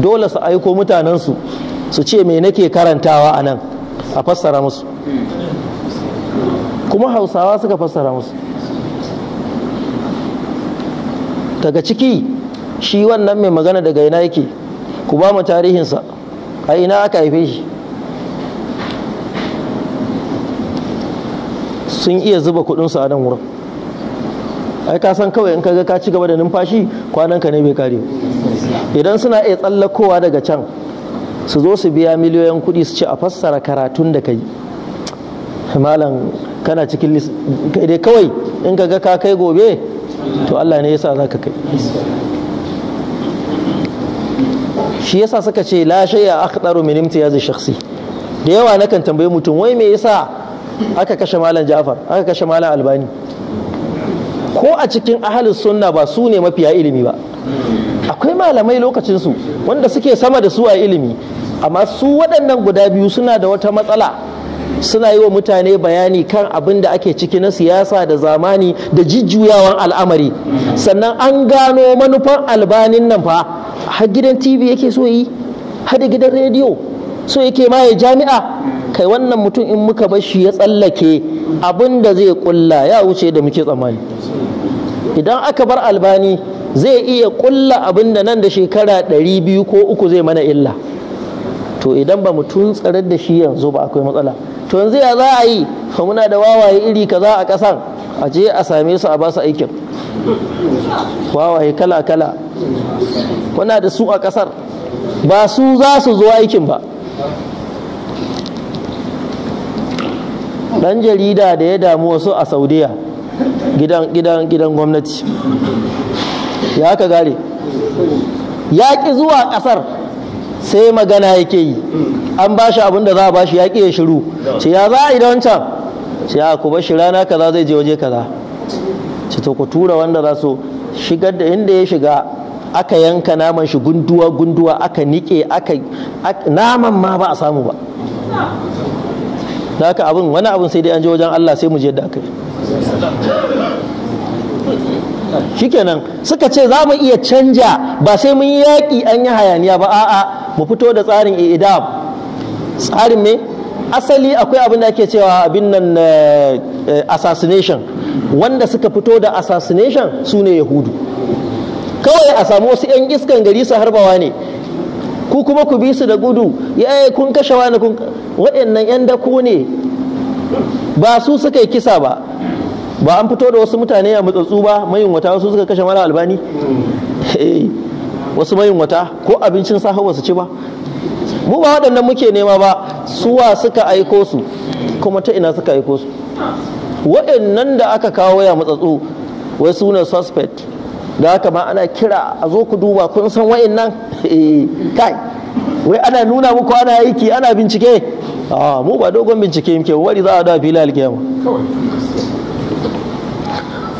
dole su aiko mutanensu su ce me nake karantawa a nan a fassara musu kuma hausawa suka fassara musu daga ciki shi wannan mai magana daga ina yake ku ba mu tarihinsa a ina aka haife shi sun iya zuba kudinsu a nan wurin ai ka san kawai in ka ga ka ci gaba da numfashi kwanan ka ne bai kare ba idan suna iya tsallakowa daga can su zo su biya miliyoyin kuɗi su ce a fassara karatun da kai malam kana cikin kai dai kawai in ka ga ka kai gobe to Allah ne yasa zaka kai shi yasa suka ce la shay'a akhdaru min imtiyazi shakhsi da yawa nakan tambaye mutum wai me yasa aka kashe malam Ja'far aka kashe malam Albani ko a cikin ahlus sunna ba su ne mafiya ilimi ba malamai lokacinsu wanda suke sama da su a ilimi amma su waɗannan guda biyu suna da wata matsala suna yi wa mutane bayani kan abin da ake ciki na siyasa da zamani da jijjuyawan al'amari sannan an gano manufan albanin nan fa har gidan tv yake so yi har da gidan rediyo so yake ma ya jami'a kai wannan mutum in muka bar shi ya tsallake abin da zai kulla ya wuce da muke tsammani idan aka bar albani zai iya kulla abin da nan da shekara ɗari biyu ko uku zai mana illa to idan ba mutum tsarar da shi yanzu ba akwai matsala to yanzu ya za a yi fa muna da wawaye iri kaza a ƙasan a je a same su a ba su aikin wawaye kala kala kuna da su a ƙasar ba su za su zo aikin ba ɗan jarida da ya damu wasu a saudiya gidan gwamnati ya ka gare ya ƙi zuwa ƙasar sai magana yake yi an ba shi abin da za a ba shi ya ƙi ya shiru ce ya za a yi da wancan ce ya ku shi rana kaza zai je waje kaza ce to ku tura wanda za su shigar da inda ya shiga aka yanka naman shi gunduwa gunduwa aka niƙe aka naman ma ba a samu ba da haka abin wani abin sai dai an je wajen Allah sai mu je da aka yi shikenan suka ce za mu iya canja ba sai mun yi yaƙi an yi hayaniya ba a'a mu fito da tsarin idab tsarin me asali akwai abin da ake cewa abin nan eh, assassination wanda suka fito da assassination su ne yahudu kawai a samu wasu 'yan iskan gari su harbawa ne ku kuma ku bi su da gudu ya kun kashe wani kun waɗannan 'yan dako ne ba su suka yi kisa ba ba an fito da wasu mutane a matsatsu ba mayunwata wasu suka kashe mara albani eh, wasu mayunwata ko abincin safe wasu su ci ba mu ba waɗannan muke nema ba suwa suka aiko su kuma ta ina suka aiko su waɗannan da aka kawo ya matsatsu wai suna suspect da haka ma ana kira a zo ku duba kun san waɗannan eh, kai wai ana nuna muku ana aiki ana bincike ah, mu ba dogon bincike muke wari za a da fili alkiyama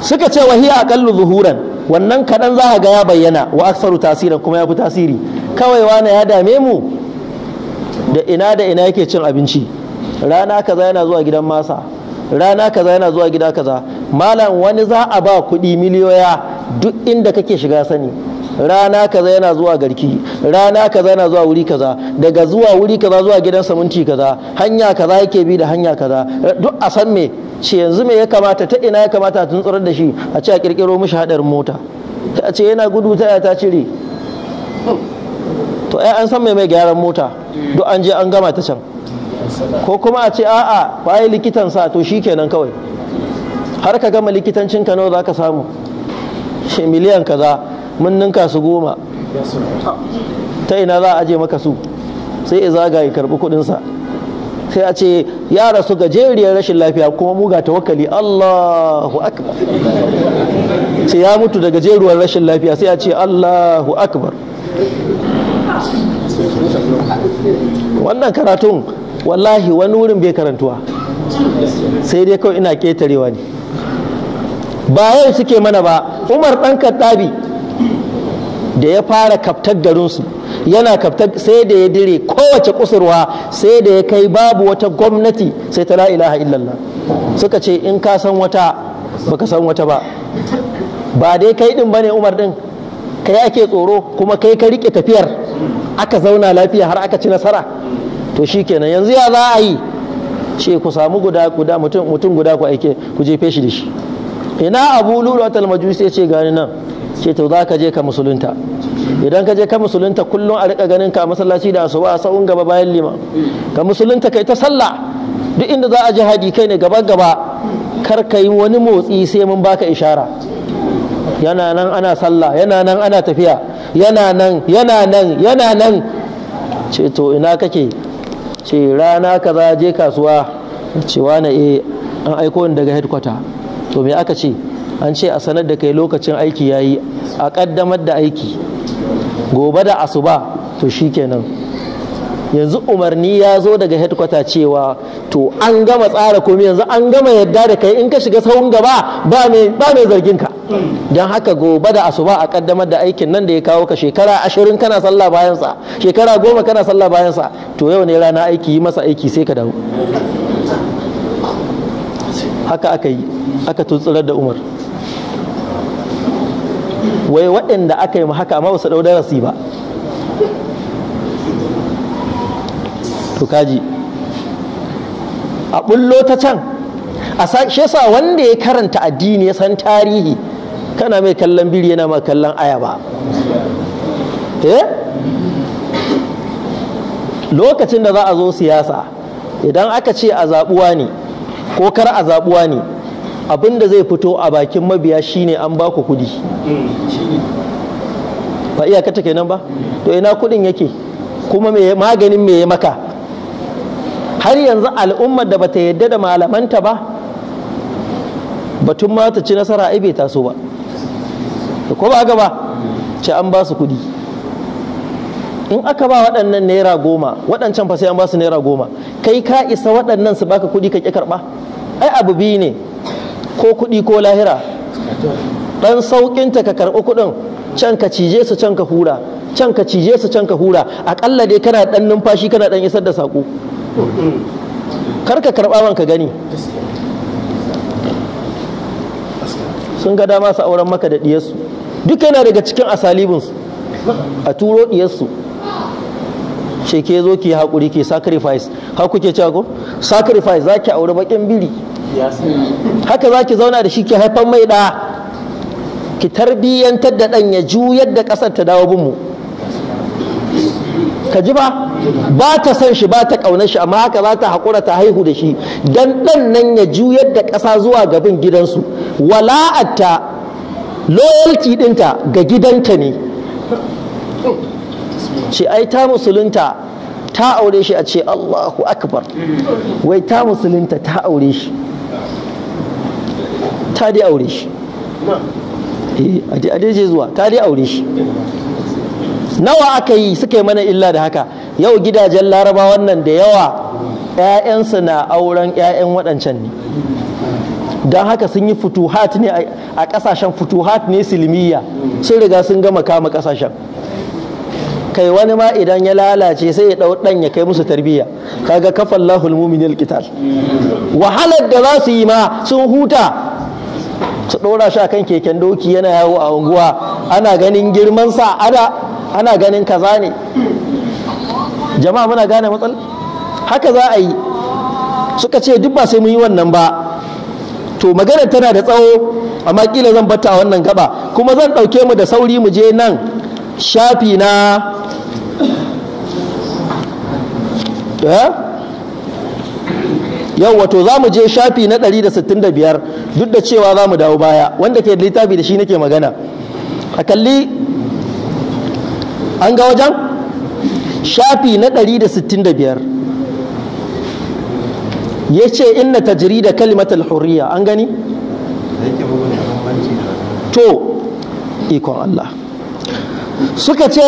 suka ce wahiya kallu zuhuran wannan kaɗan za ga ya bayyana wa aksaru tasirin kuma ya fi tasiri kawai wane ya dame mu da ina da ina yake cin abinci rana kaza yana zuwa gidan masa rana kaza yana zuwa gida kaza malam wani za a ba kuɗi miliyoya duk inda kake shiga sani rana kaza yana zuwa garki rana kaza yana zuwa wuri kaza daga zuwa wuri kaza zuwa gidan samunci kaza hanya kaza yake bi da hanya kaza duk a san me ce yanzu me ya kamata ta ina ya kamata a tuntsurar da shi a ce a kirkiro mishi haɗarin mota ta ce yana gudu ta ta cire to ai an san mai mai gyaran mota duk an je an gama ta can ko kuma a ce a'a kwaye likitan sa to shi kenan kawai har ka gama likitancin ka nawa za ka samu shi miliyan kaza mun ninka su goma ta ina za a aje maka su sai ya zagaye karɓi kuɗinsa sai a ce ya rasu gajeriyar rashin lafiya kuma muga tawakkali Allahu akbar sai ya mutu da gajeruwar rashin lafiya sai a ce Allahu akbar wannan karatun wallahi wani wurin bai karantuwa sai dai kawai ina ketarewa ne ba yau suke mana ba umar ɗan kattabi da ya fara kaftar garinsu yana kaftar sai da ya dire kowace kusurwa sai da ya kai babu wata gwamnati sai ta la ilaha illallah suka ce in ka san wata baka san wata ba ba dai kai din ne umar din kai ake tsoro kuma kai ka rike tafiyar aka zauna lafiya har aka ci nasara to shikenan yanzu ya za a yi ce ku samu guda guda mutum guda ku aike ku je shi da shi ina abu lulu majusi ya ce gani nan ce to za ka je ka musulunta idan ka je ka musulunta kullum a rika ganin ka masallaci da asuba a sa'un gaba bayan lima ka musulunta kai ta sallah duk inda za a ji hadi kai ne gaba gaba kar ka yi wani motsi sai mun baka ishara yana nan ana sallah yana nan ana tafiya yana nan yana nan yana nan ce to ina kake ce rana kaza je kasuwa cewa na e eh, an aiko ni daga headquarter to me aka ce an ce a sanar da kai lokacin aiki yayi a kaddamar da aiki gobe da asuba to shikenan yanzu umarni ya zo daga headquarter cewa to an gama tsara komi yanzu an gama yadda da kai in ka shiga saurin gaba ba mai zargin ka don haka gobe da asuba a kaddamar da aikin nan da ya kawo ka shekara ashirin kana sallah bayansa shekara goma kana sallah bayansa to yau ne rana aiki yi masa aiki sai ka dawo haka aka yi aka tutsurar da umar wai waɗanda aka yi haka ma ba su ɗau darasi ba to kaji a ɓullo ta can a shi yasa wanda ya karanta addini ya san tarihi kana mai kallon biri yana ma kallon aya ba eh? lokacin da za a zo siyasa idan aka ce a zaɓuwa ne ko kar a zaɓuwa ne abin da zai fito a bakin mabiya shine an ba ku kudi ba iyaka ta kenan ba to ina kudin yake kuma maganin me ya maka har yanzu al'ummar da bata yadda da malamanta ba batun ma ta ci nasara ai bai taso ba ko ba gaba ce an ba su kudi in aka ba waɗannan naira goma waɗancan fa sai an ba su naira goma kai ka isa waɗannan su baka kudi ka ƙi karɓa ai abu biyu ne ko kuɗi ko lahira ɗan sauƙinta ka karɓi kuɗin can ka cije su can ka hura can ka cije su can ka hura aƙalla dai kana ɗan numfashi kana ɗan isar da saƙo kar ka karɓa ka gani sun ga dama su auren maka da ɗiyarsu duk yana daga cikin asalibinsu a turo ɗiyarsu ce ke zo ki haƙuri ki sacrifice har ke cewa ko sacrifice za ki auri baƙin biri haka za ki zauna da shi ki haifan mai da ki tarbiyyantar da ɗan ya juyar da ƙasar ta dawo bin mu ka ji ba ba ta son shi ba ta ƙaunar shi amma haka za ta haƙura ta haihu da shi dan ɗan nan ya juyar da ƙasa zuwa gabin gidansu wala'atta loyalty ɗinta ga gidanta ne ce ai ta musulunta ta aure shi a ce Allahu akbar wai ta musulunta ta aure shi ta aure shi a eh, je zuwa ta aure shi nawa aka yi suka yi mana illa da haka yau gidajen laraba wannan da yawa yayansa na auren 'ya'yan waɗancan ne don haka sun yi futuhat ne a ƙasashen futuhat ne silimiyya sun riga sun gama kama ƙasashen kai wani ma idan ya lalace sai ya dau dan ya kai musu tarbiyya kaga kafallahu almu'minil qital wahalar da za su yi ma sun huta su dora shi akan keken doki yana yawo a unguwa ana ganin girman sa ada. ana ganin kaza ne jama'a muna gane matsal haka za a yi suka ce duk ba sai mun yi wannan ba to maganar tana da tsawo amma kila zan bata wannan gaba kuma zan ɗauke mu da sauri mu je nan shafi na eh? yau wato za mu je shafi na 165 duk da cewa za mu dawo baya wanda ke littafi da shi nake magana a kalli an ga wajen shafi na 165 ya ce inna tajiri da kalimatar hurriya an gani? to ikon Allah suka ce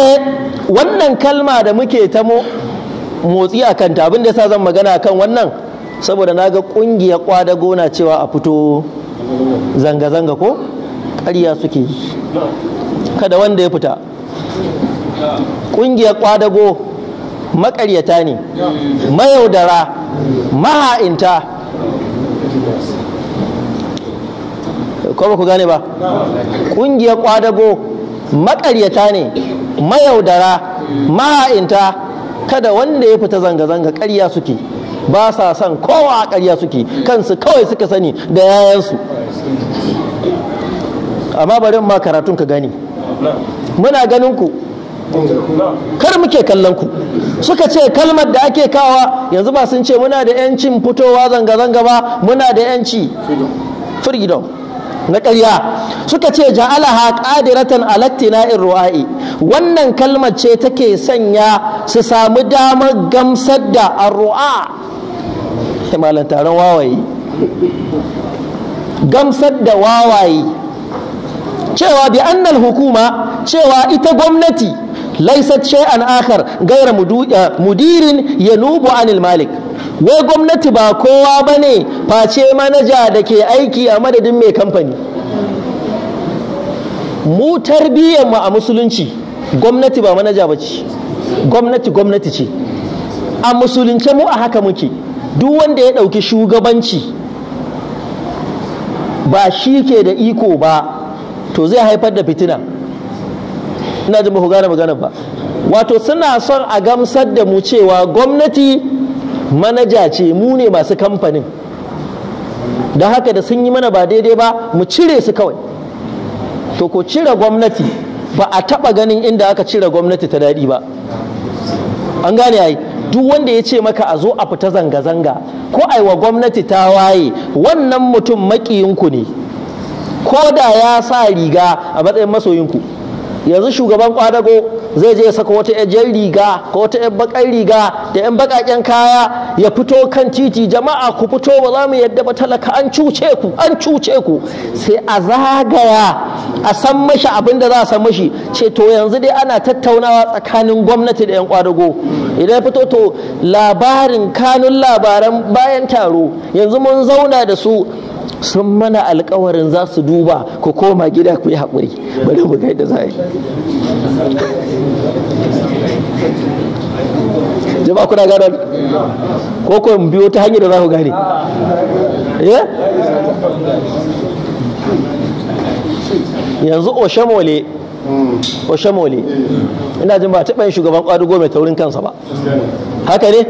wannan kalma da muke ta motsi a kanta abin da sa zan magana kan wannan saboda na ga ƙungiyar kwada gona cewa a fito zanga-zanga ko ƙarya suke yi kada wanda ya fita ƙungiyar ƙwadago maƙaryata ne mayaudara maha'inta ko ba ku gane ba ƙungiyar ƙwadago. maƙaryata ne mayaudara maha'inta kada wanda ya fita zanga-zanga ƙarya suke ba sa son kowa a ƙarya suke kansu kawai suka sani da yayansu amma bari ma karatun ka gani muna ganin ku kar muke kallon ku suka ce kalmar da ake kawa yanzu ba sun ce muna da 'yancin fitowa zanga-zanga ba muna da 'yanci freedom na ƙarya suka ce ja'alaha qadiratan in ru'a'i wannan kalmar ce take sanya su samu damar gamsar da arru'a malan taron wawaye gamsar da wawaye cewa bi annal hukuma cewa ita gwamnati laisat shay'an akhar gaira mudirin yanubu anil malik wai gwamnati ba kowa bane face manaja da ke aiki a madadin mai kamfani mu tarbiyyarmu a musulunci gwamnati ba manaja ba ce gwamnati gwamnati ce a musulunce mu a haka muke duk wanda ya ɗauki shugabanci ba shi ke da iko ba to zai haifar da fitina ina jin ba ku gane magana ba wato suna son a gamsar da mu cewa gwamnati manaja ce mu ne masu kamfanin Da haka da sun yi mana ba daidai ba mu cire su kawai to ko cire gwamnati ba a taɓa ganin inda aka cire gwamnati ta daɗi ba an gane ai duk wanda ya ce maka a zo a fita zanga-zanga ko ai wa gwamnati ta waye wannan mutum maƙiyinku ne ko da ya sa riga a matsayin masoyinku yanzu shugaban kwadago zai je ya saka wata yan riga ko wata yan bakar riga da yan bakaken kaya ya fito kan titi jama'a ku fito ba za mu yadda ba talaka an cuce ku an cuce ku sai a zagaya a san mashi abin da za a san mashi ce to yanzu dai ana tattaunawa tsakanin gwamnati da yan kwadago idan ya fito to labarin kanun labaran bayan taro yanzu mun zauna da su sun mana alkawarin za su duba ku koma gida ku yi haƙuri bari mu gaida yadda za yi jama'a kuna gane ko ko biyo ta hanyar da za ku gane eh? yanzu oshamole oshamole ina jin ba taɓa yin shugaban ƙwadugo mai taurin kansa ba haka ne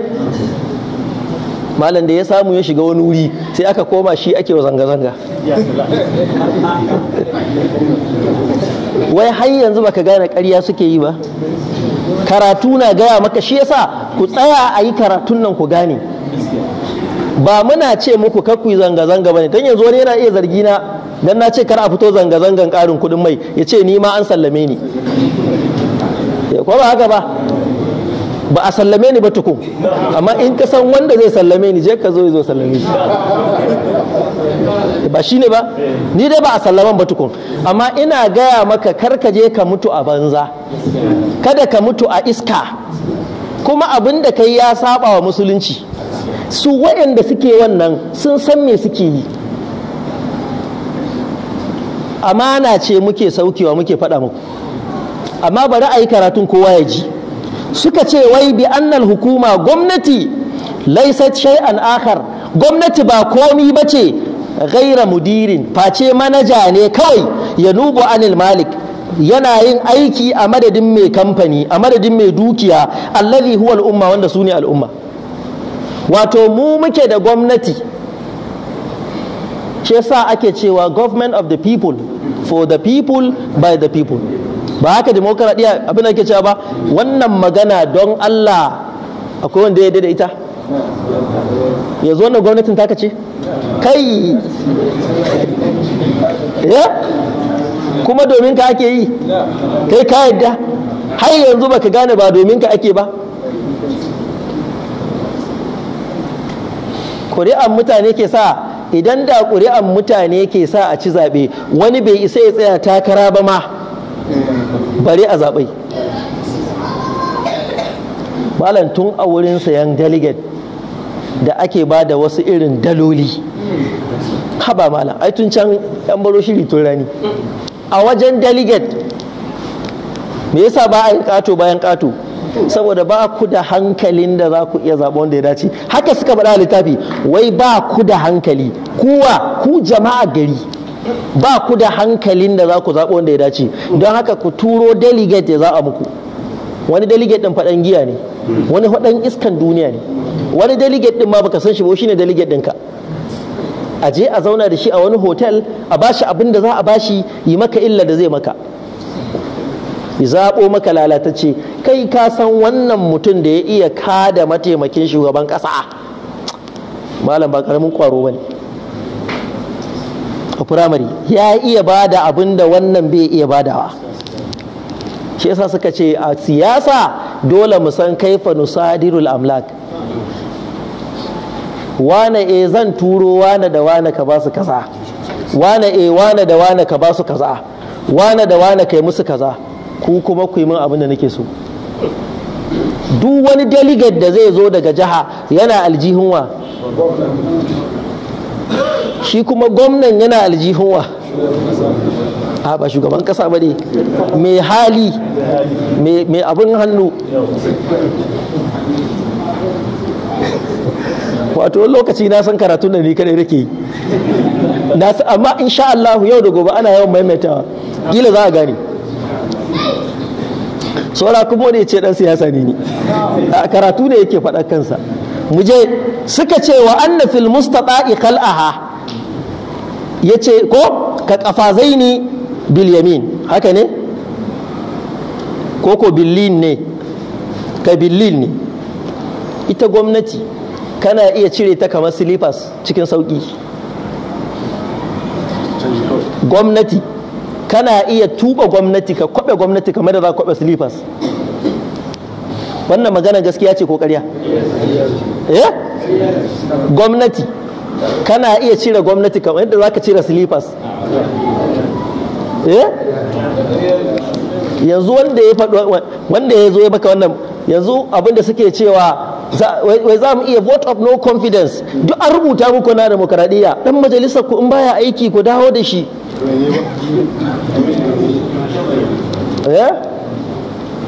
malam da ya samu ya shiga wani wuri sai aka koma shi ake wa zanga-zanga wai har yanzu baka gane karya suke yi ba karatu na gaya maka shi yasa ku tsaya a yi karatun nan ku gane ba muna ce muku kar zanga-zanga ba ne don yanzu wani yana iya zargi na don na ce kar a fito zanga-zangan ƙarin kuɗin mai ya ce ni ma an sallame ni eh, ko ba haka ba ba a sallame ni ba tukun amma in ka san wanda zai sallame ni je ka zo zo sallame ni ba shi ne ba ni dai ba a sallaman ba tukun amma ina gaya maka kar ka je ka mutu a banza kada ka mutu a iska kuma abin da kai ya saba wa musulunci su waɗanda suke wannan sun san me suke yi amana ce muke saukewa muke faɗa muku amma bari a yi karatun kowa ya ji suka ce wai bi annal hukuma gwamnati laisat an akhar gwamnati ba komi bace ghaira mudirin face manaja ne kawai ya nubu anil malik yana yin aiki a madadin mai kamfani a madadin mai dukiya allazi huwa al'umma wanda su ne al'umma wato mu muke da gwamnati shi yasa ake cewa government of the people for the people by the people ba haka demokaradiyya abin da ke cewa ba wannan magana don Allah akwai wanda ya da ita ya zo gwamnatin taka ce kai ya kuma domin ka ake yi kai ka yadda har yanzu ba ka gane ba domin ka ake ba ƙuri'an mutane ke sa idan da ƙuri'an mutane ke sa a ci zaɓe wani bai isa ya tsaya takara ba ma Bari a zaɓai malam tun a wurin sayan delegate da ake ba da wasu irin daloli haba malam ai tun can yan baro shiri tun rani a wajen delegate me yasa ba a yi kato bayan kato saboda ba ku da hankalin da za ku iya zaɓa wanda ya dace haka suka faɗa littafi wai ba ku da hankali kuwa ku jama'a gari ba ku da hankalin da za ku zaɓo wanda ya dace don haka ku turo delegate ya za a muku wani delegate ɗin faɗan giya ne wani faɗan iskan duniya ne wani delegate ɗin ma baka san shi ba shine delegate ɗinka a je a zauna da shi a wani hotel a bashi abin da za a bashi yi maka illa da zai maka ya zaɓo maka lalatacce kai ka san wannan mutum da ya iya kada mataimakin shugaban ƙasa malam ba ƙaramin ƙwaro ba ne a firamare ya iya bada abin da wannan bai iya badawa shi yasa suka ce a siyasa dole mu san kaifa nusadirul amlak wane e zan turo wane da wane ka basu kaza wane e wane da wane ka basu kaza wane da wane kai musu kaza ku kuma ku yi min abin da nake so duk wani delegate da zai zo daga jiha yana aljihunwa shi kuma gwamnan yana aljihunwa a ba shugaban kasa ba ne mai hali mai abin hannu wato lokaci na san karatun da ni kadai rike yi amma insha Allah yau da gobe ana yawan maimaitawa Gila za a gane saura kuma wani ce dan siyasa ne ni a karatu ne yake faɗa kansa mu je suka ce wa anna fil mustata'i khal'aha ya ce ko ka kafa ni bilyamin haka ne ko ko billin ne ka billin ne ita gwamnati kana iya cire ta kamar silifas cikin sauƙi gwamnati kana iya tuba gwamnati ka kwabe gwamnati kamar da za kwabe slippers wannan magana gaskiya ce ko ƙarya eh? gwamnati kana iya cire gwamnati kamar yadda za ka cire silifas eh? yanzu wanda ya faɗo wanda ya zo ya baka wannan yanzu abinda suke cewa wai za mu iya vote of no confidence duk an rubuta muku na demokaradiyya dan majalisar ku in baya aiki ku dawo da shi eh?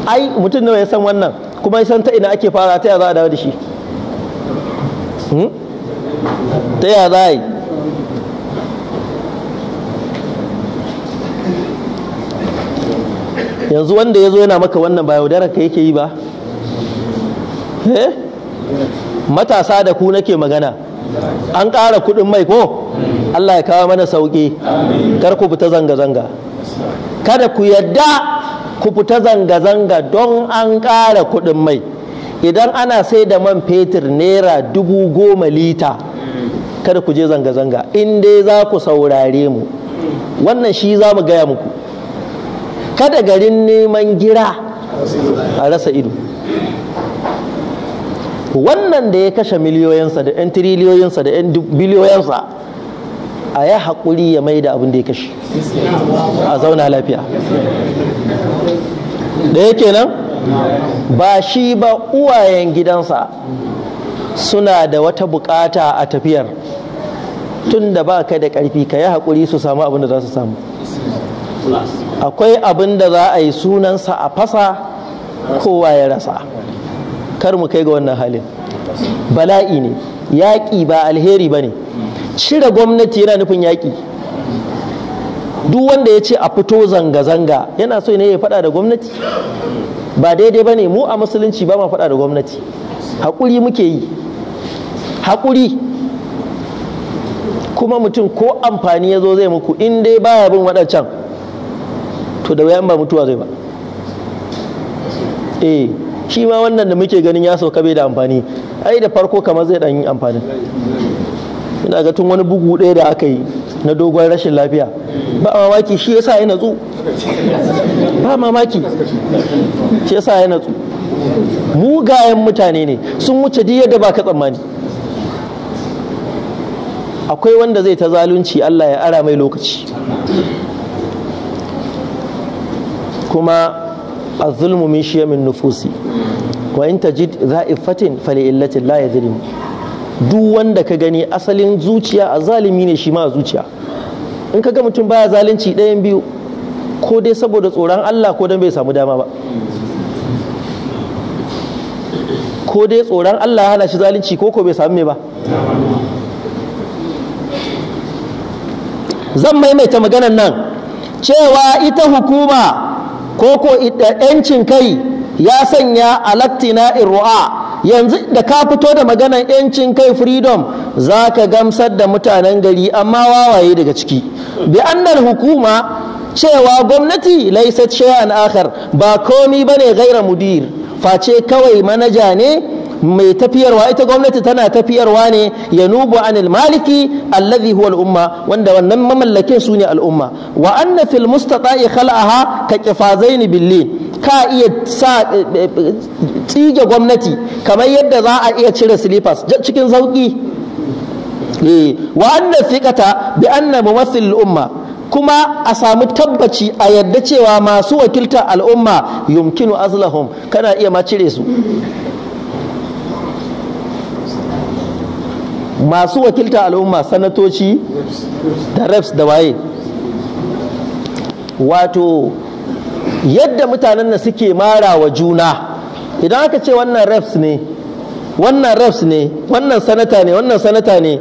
ai mutum nawa ya san wannan kuma ya san ta ina ake fara ta ya za a dawo da shi hmm? ta za yanzu wanda ya zo yana maka wannan ba ka yake yi ba eh? matasa da ku nake magana an ƙara kuɗin mai ko Allah ya kawo mana sauƙi kar ku fita zanga-zanga kada ku yadda ku fita zanga-zanga don an ƙara kuɗin mai idan ana sai da man fetur naira dubu goma lita kada ku je zanga-zanga in dai za ku saurare mu wannan shi za mu gaya muku kada garin neman gira a rasa ido wannan da ya kashe miliyoyinsa da 'yan tiriliyoyinsa da 'yan biliyoyinsa a ya haƙuri ya mai da abin da ya kashe a zauna lafiya da yake nan ba shi ba uwayen gidansa suna da wata bukata a tafiyar tun da ba ka da karfi ka yi haƙuri su samu abin da za su samu akwai abin da za a yi sunansa a fasa kowa ya rasa kar mu kai ga wannan halin bala'i ne yaƙi ba alheri ba ne cire gwamnati yana nufin yaƙi duk wanda ya ce a fito zanga-zanga yana so ne ya faɗa da gwamnati ba daidai ba ne mu a musulunci ba ma faɗa da gwamnati haƙuri muke yi haƙuri kuma mutum ko amfani ya zo zai muku in dai baya bin waɗancan to da wayan ba mutuwa zai ba eh shi ma wannan da muke ganin ya sauka bai da amfani ai da farko kamar zai ɗan yi amfani ina ga tun wani bugu ɗaya da aka yi na dogon rashin lafiya ba mamaki shi yasa ya natsu ba mamaki shi yasa ya natsu mugayen mutane ne sun wuce duk yadda baka tsammani akwai wanda zai ta zalunci Allah ya ara mai lokaci kuma shi zulmu min nufusi wa in tajid za'ifatin fali illatin la yadhlim duk wanda ka gani asalin zuciya a zalimi ne shi ma zuciya in ka ga mutum baya zalunci ɗayan biyu ko dai saboda tsoron Allah ko dan bai samu dama ba ko dai tsoron Allah ya hana shi zalunci ko ko bai samu me ba zan maimaita maganar nan cewa ita hukuma ko ko yancin kai ya sanya alaktina irwa yanzu da ka fito da maganar yancin kai freedom za ka gamsar da mutanen gari amma wawaye daga ciki bi annal hukuma cewa gwamnati laisat shay'an akhar ba komi bane gaira mudir face kawai manaja ne mai tafiyarwa ita gwamnati tana tafiyarwa ne ya nubu anil maliki alladhi huwa al'umma wanda wannan mamallakin su ne al'umma wa anna fil mustata'i khal'aha ka kifazaini billi ka iya sa eh, eh, tsige gwamnati kamar yadda za a iya cire slippers cikin zauki eh, wa anna thiqata bi anna mumassil al'umma kuma a samu tabbaci a yadda cewa masu wakiltar al'umma yumkinu azlahum kana iya ma cire su masu wakiltar al'umma sanatoci da reps da waye wato yadda mutanen da suke mara wa juna idan aka ce wannan reps ne wannan reps ne wannan sanata ne wannan sanata ne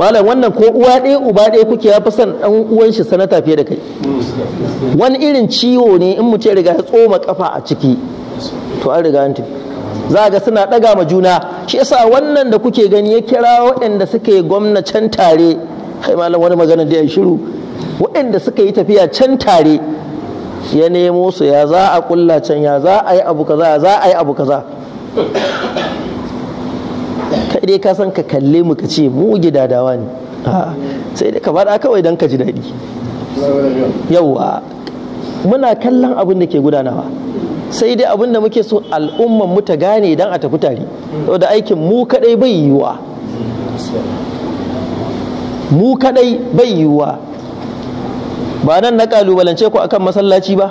malam wannan ko uwa ɗaya uba ɗaya kuke ya fi son ɗan uwan shi sanata fiye da kai wani irin ciwo ne in mutum riga ya tsoma kafa a ciki to an riga an tafi za ga suna ɗaga ma juna shi yasa wannan da kuke gani ya kira waɗanda suka yi gwamna can tare kai malam wani magana da ya shiru waɗanda suka yi tafiya can tare ya nemo su ya za a kulla can ya za a yi abu kaza ya za a yi abu kaza kai dai ka san ka kalle mu ka ce mu gidadawa ne ah, sai dai ka faɗa kawai don ka ji daɗi yauwa muna kallon abin da ke gudanawa sai dai abin da muke so al'umman mu ta gane don a tafi tare da aikin mu kadai bai yiwuwa mu kadai bai yiwuwa ba nan na kalubalance ku akan masallaci ba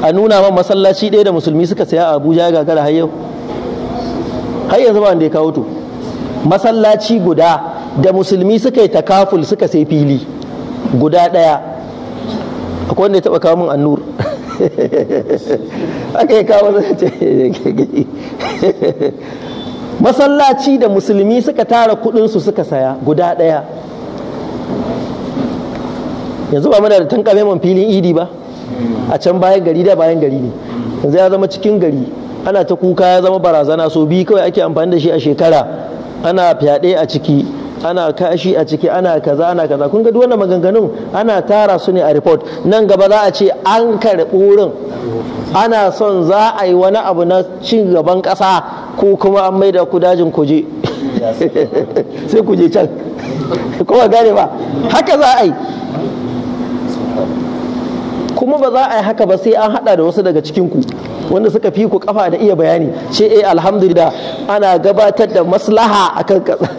a nuna man masallaci ɗaya da musulmi suka saya a abuja ga gara har yau har yanzu ba wanda ya kawo to masallaci guda da musulmi suka yi takaful suka sai fili guda ɗaya akwai wanda ya taɓa kawo min annur (laughs) aka yi kawo (laughs) masallaci da musulmi suka tara kudinsu suka saya guda ɗaya yanzu ba muna da tankame man filin idi ba a can bayan gari da bayan gari ne yanzu ya zama cikin gari ana ta kuka ya zama barazana so biyu kawai ake amfani da shi a shekara ana fyaɗe a ciki ana kashi a ciki ana kaza ana kaza kun ga wannan maganganun ana tara su ne a report nan gaba za a ce an karɓi wurin ana son za a yi wani abu na cin gaban ƙasa ko kuma an maida ku dajin kuje (laughs) sai kuje can kuma gane ba haka za a yi kuma ba za a yi haka ba sai an hada da wasu daga cikin ku wanda suka fi ku kafa da iya bayani ce eh alhamdulillah ana gabatar da maslaha akan kasa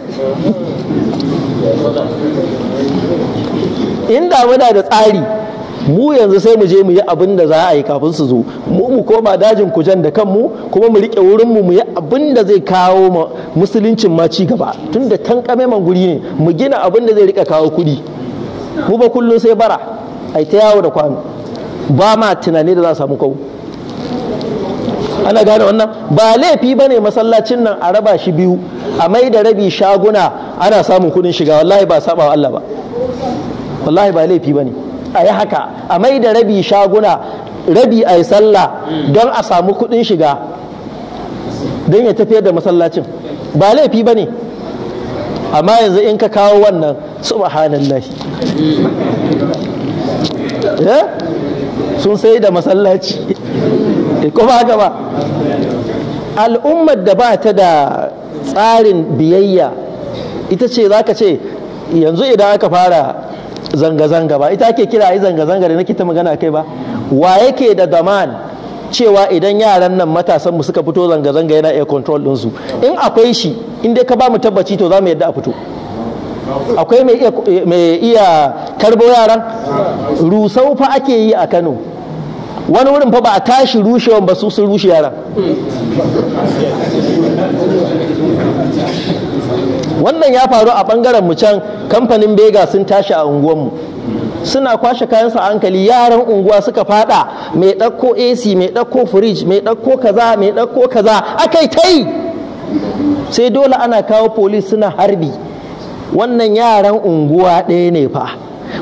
(laughs) inda muna da tsari mu yanzu sai mu je mu yi abin da za a yi kafin su zo mu mu koma dajin kujan da kanmu kuma mu rike wurin mu mu yi abin da zai kawo musuluncin ma ci gaba tunda tankame man guri ne mu gina abin da zai rika kawo kuɗi mu ba kullum sai bara ai ta yawo da kwano ba ma tunani da za a samu kawo ana gane wannan ba laifi ba ne masallacin nan a raba shi biyu a mai da rabi shaguna ana samun kudin shiga wallahi ba saba wa Allah ba wallahi ba laifi ba ne a yi haka a mai da rabi shaguna rabi a yi sallah don a samu kudin shiga don ya tafiyar da masallacin ba laifi ba ne amma yanzu in ka kawo wannan subhanallah eh? sun sai da masallaci eh, kuma al'ummar da ba ta da tsarin biyayya ita ce za ka ce yanzu idan aka fara zanga-zanga ba ita ake kira a zanga-zanga da nake ta magana kai ba wa yake da daman cewa idan yaran nan matasan mu suka fito zanga-zanga yana iya control su? in akwai shi in dai ka ba mu tabbaci to za mu yadda a fito akwai mai iya eh, karbo yaran rusau fa ake yi a kano wani wurin fa ba a tashi wani ba su sun rushe yaran wannan ya faru a bangaren mu can kamfanin bega sun tashi a unguwanmu suna kwashe kayansa a hankali yaran unguwa suka fada mai ɗauko ac mai ɗauko fridge mai ɗauko kaza mai ɗauko kaza akai ta sai dole ana kawo polis suna harbi wannan yaran unguwa ɗaya ne fa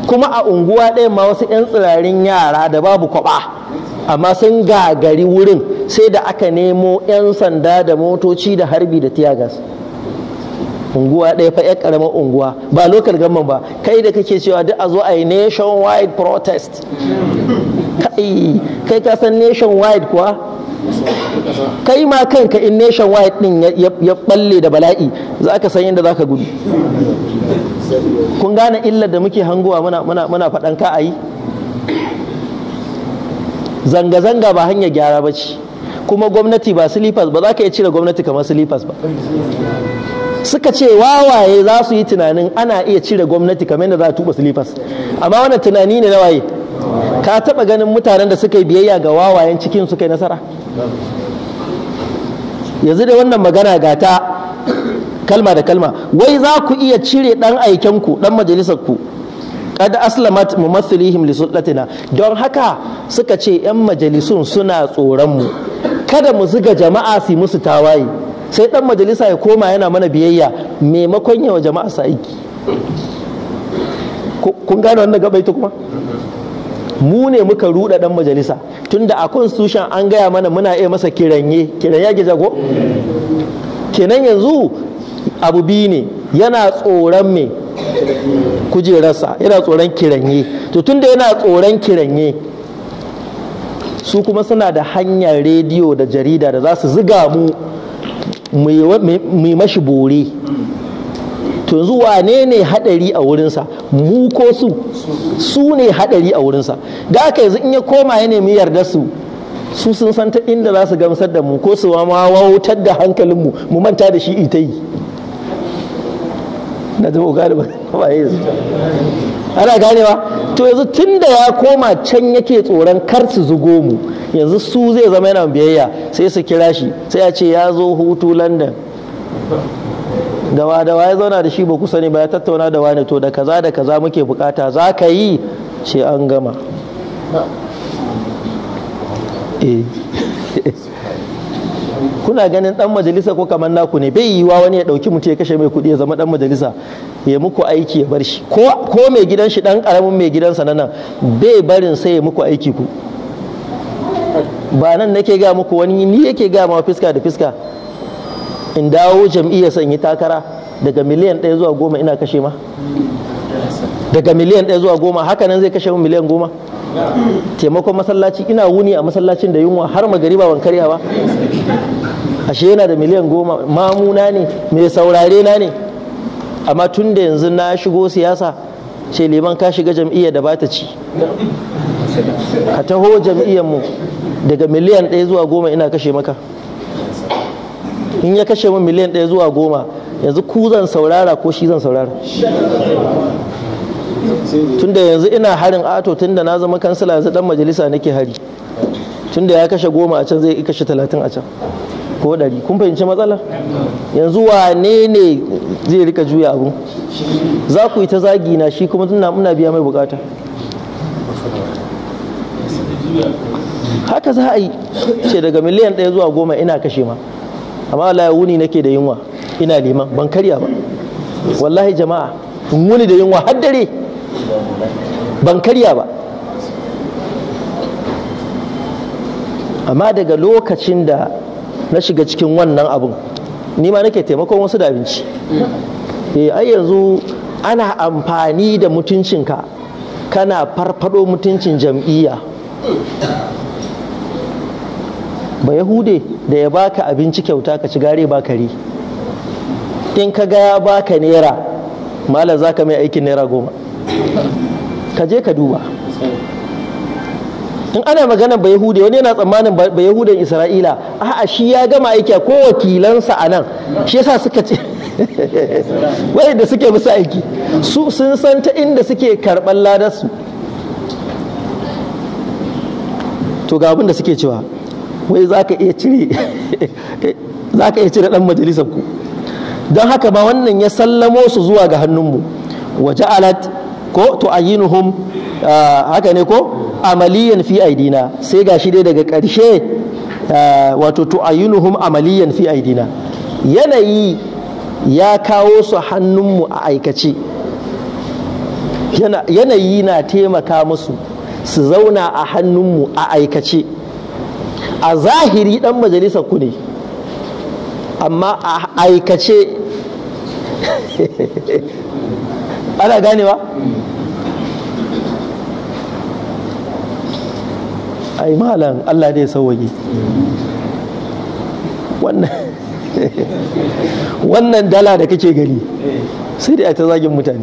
kuma a unguwa ɗaya ma wasu 'yan tsirarin yara da babu kwaba amma sun gagari wurin sai da aka nemo 'yan sanda da motoci da harbi da tiyagas unguwa ɗaya fa 'yan ƙaramar unguwa ba lokal gamman ba kai da kake cewa duk a zo a yi nationwide protest kai ka san nationwide kuwa kai ma kanka in nation wide din ya balle da bala'i za ka san yadda za ka gudu kun gane illar da muke hangowa muna faɗan ka a yi zanga-zanga ba hanyar gyara ba ce kuma gwamnati ba silifas ba za ka iya cire gwamnati kamar silifas ba suka ce wawaye za su yi tunanin ana iya cire gwamnati kamar yadda za a tuba silifas amma wannan tunani ne na waye ka taɓa ganin mutanen da suka yi biyayya ga wawayen cikin suka yi nasara yanzu da wannan magana ga ta kalma da kalma wai za ku iya cire dan aikenku dan majalisarku ku aslamat mumathilihim li sultatina don haka suka ce yan majalisun suna tsoron mu kada mu zuga jama'a su musu tawaye sai ɗan majalisa ya koma yana mana biyayya maimakon yawa jama'a sa aiki kun gane wannan gabaita kuma mu ne muka ruɗa ɗan majalisa tunda a constitution an gaya mana muna iya masa kiranye kiranye ke jago kenan yanzu abu biyu ne yana tsoron me kujerarsa yana tsoron kiranye to tunda yana tsoron kiranye su kuma suna da hanyar rediyo da jarida da za su ziga mu mai mashi bore to yanzu wane ne hadari a wurinsa mu ko su su ne haɗari a wurinsa da aka yanzu in ya koma ya nemi yarda su su sun san ta inda za su gamsar da mu ko su ma wautar da hankalinmu mu manta da shi ita yi na zama gane ba (laughs) ba. ya ana ba? to yanzu tun da ya koma can yake tsoron kar su zugo mu yanzu su zai zama yana biyayya sai su kira shi sai ya ce ya zo hutu london da wa da wa ya zauna da shi ba kusa ne ba ya tattauna da wani to da kaza da kaza muke bukata za ka yi ce an gama eh. (laughs) kuna ganin dan majalisa ko kamar naku ne bai yiwa wani ya dauki mutum ya kashe mai kuɗi ya zama dan majalisa ya muku aiki ya bar shi ko mai gidan shi dan karamin mai gidansa na nan bai barin sai ya muku aiki ku ba nan nake ga muku wani ni yake ga ma fiska da fiska in dawo jam'iyyar sanyi takara daga miliyan ɗaya zuwa goma ina kashe ma daga miliyan ɗaya zuwa goma hakanan zai kashe min miliyan goma taimakon masallaci ina wuni a masallacin da yunwa har ba ban karya ba ashe yana da miliyan goma mamuna ne mai saurare na ne amma tun da yanzu na shigo siyasa ce liman ka shiga jam'iyyar da ba ta ci ka taho jam'iyyar mu daga miliyan ɗaya zuwa goma ina kashe maka in ya kashe min miliyan ɗaya zuwa goma yanzu ku zan saurara ko shi zan saurara tunda yanzu ina harin ato tunda na zama kansila yanzu dan majalisa nake hari tunda ya kashe goma a can zai kashe talatin a can ko ɗari kun fahimci matsala? yanzu wane ne zai rika juya abu za ku yi ta zagi na shi kuma tun muna biya mai bukata haka za a yi ce daga miliyan ɗaya zuwa goma ina kashe ma amma ya wuni nake da yunwa ina liman ban karya ba wallahi jama'a wuni da yunwa har dare ban karya ba amma daga lokacin da na shiga cikin wannan abun ni ma nake taimakon wasu da abinci eh ai yanzu ana amfani da mutuncinka kana farfado mutuncin jam'iyya ba yahude da ya baka abinci kyauta ka ci gare ba kare in ka ga ya baka naira malam za ka mai aikin naira goma ka je ka duba in ana magana ba yahude wani yana tsammanin ba yahudan isra'ila a'a shi ya gama aiki ko wakilansa a nan shi yasa suka ce (laughs) da suke musu aiki su sun san ta inda suke karɓar ladarsu to ga abin da suke cewa wai za ka iya cire ɗan majalisar ku don haka ba wannan ya sallamo su zuwa ga hannunmu wa ja'alat ko to tu'ayyinuhum ah, haka ne ko amaliyan fi aidina sai gashi dai daga ƙarshe ah, wato to tu'ayyinuhum amaliyan fi aidina yanayi ya kawo su hannunmu a aikace yanayi na taimaka musu su zauna a hannunmu a aikace a zahiri dan majalisar ku ne amma a aikace (laughs) ana ganewa ai malam Allah ne sauwaje wannan (laughs) wannan dala da kake gani sai dai a ta zagin mutane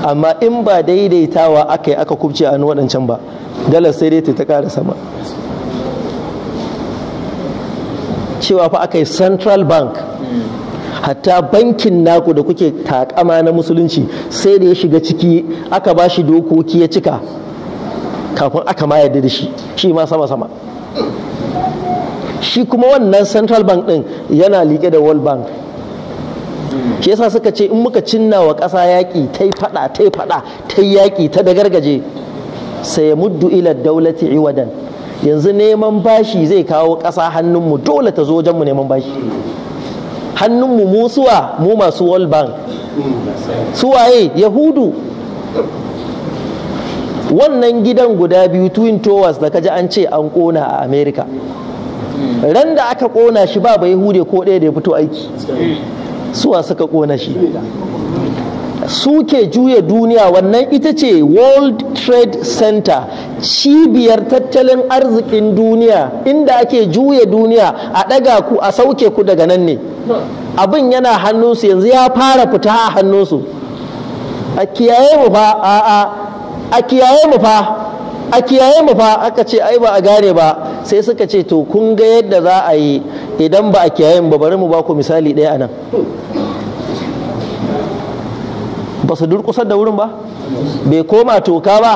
amma in ba daidaitawa aka yi aka kubce a waɗancan ba dalar sai dai ta ƙara sama cewa fa aka yi central bank hatta bankin naku da kuke takama na musulunci sai da ya shiga ciki aka ba shi dokoki ya cika kafin aka ma yarda da shi shi ma sama-sama shi kuma wannan central bank din yana liƙe da world bank Ke yasa suka ce in muka cinna wa ƙasa yaƙi ta yi faɗa ta yi faɗa ta yi yaƙi ta da gargaje sai ya muddu ila daulati iwadan yanzu neman bashi zai kawo ƙasa hannunmu dole ta zo wajenmu neman bashi hannunmu mu suwa mu masu world bank suwaye yahudu wannan gidan guda biyu twin towers da kaji an ce an kona a america ran da aka kona shi ba bai yahude ko ɗaya da ya fito aiki suwa suka kona shi suke juya duniya wannan ita ce world trade center cibiyar tattalin arzikin duniya inda ake juya duniya a ɗaga ku a sauke ku daga nan ne abin yana hannunsu yanzu ya fara fita a hannunsu a kiyaye mu fa a a kiyaye mu fa a kiyaye mu fa aka ce ai ba a gane ba sai suka ce to kun ga yadda za a yi idan ba a kiyaye mu ba bari mu ba ku misali ɗaya a nan ba su durkusar da wurin ba bai koma toka ba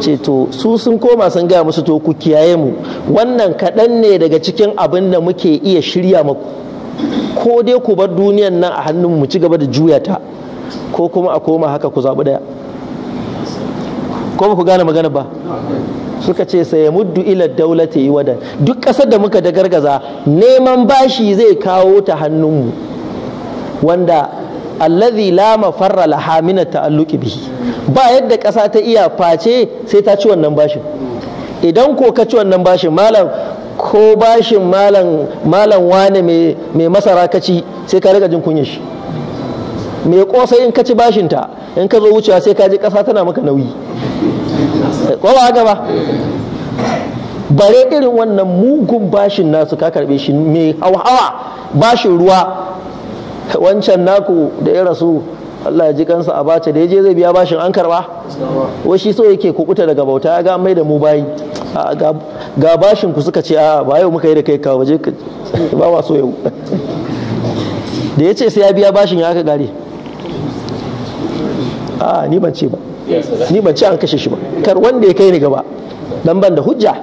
ce to su sun koma sun gaya musu to ku kiyaye mu wannan kaɗan ne daga cikin abin da muke iya shirya maku ko dai ku bar duniyan nan a hannun mu ci gaba da juya ta ko kuma a koma haka ku zaɓi ɗaya ko ba ku gane magana ba suka ce sai ya muddu ila daulata yi wadan duk ƙasar da muka da gargaza neman bashi zai kawo ta hannunmu wanda allazi la mafarra laha min ta'alluqi bihi ba yadda ƙasa ta iya face sai ta ci wannan bashin idan ko ka ci wannan bashin malam ko bashin malam malam wane mai masara ka ci sai ka rika jin kunyar shi mai kosai in ka ci bashin ta in ka zo wucewa sai ka ji ƙasa tana maka nauyi ko ba bare irin wannan mugun bashin nasu ka karbe shi mai hawa bashin ruwa (laughs) wancan naku da ya rasu Allah ya ji kansa a bace da ya je zai biya bashin an karba wai shi so yake kukuta daga bauta ya ga mai da mu bayi ga bashin ku suka ce a ba yau muka yi da kai ka je (laughs) ba ma so yau (laughs) da ya ce sai ya biya bashin ya ka gare a ni ban ce ba ni ban ce an kashe shi ba kar wanda ya kai ni gaba dan ban da hujja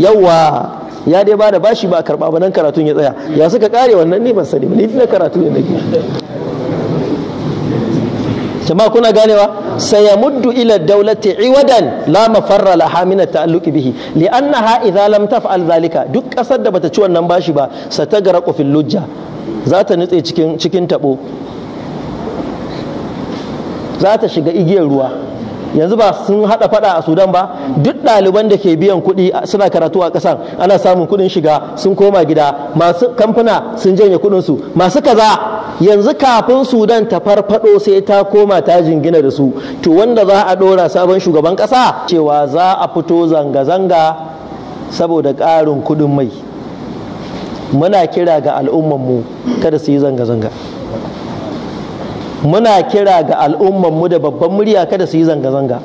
yawwa ya dai bada bashi ba a karba ba nan karatun ya tsaya ya suka kare wannan ne ban sani ba ni na karatu ne nake jama'a kuna ganewa sayamuddu ila daulati iwadan la mafarra laha min ta'alluqi bihi li'annaha idza lam taf'al zalika duk kasar da bata ci wannan bashi ba satagara qufil lujja za ta nutse cikin cikin tabo za ta shiga igiyar ruwa yanzu ba sun hada fada a sudan ba duk ɗaliban da ke biyan kuɗi suna karatu a ƙasar ana samun kuɗin shiga sun koma gida masu kamfuna sun janye kuɗinsu masu kaza yanzu kafin sudan ta farfado sai ta koma ta jingina da su to wanda za a ɗora sabon shugaban ƙasa cewa za a fito zanga-zanga saboda ƙarin kuɗin mai muna kira ga al'ummanmu kada su yi zanga-zanga muna kira ga mu da babban murya kada su yi zanga-zanga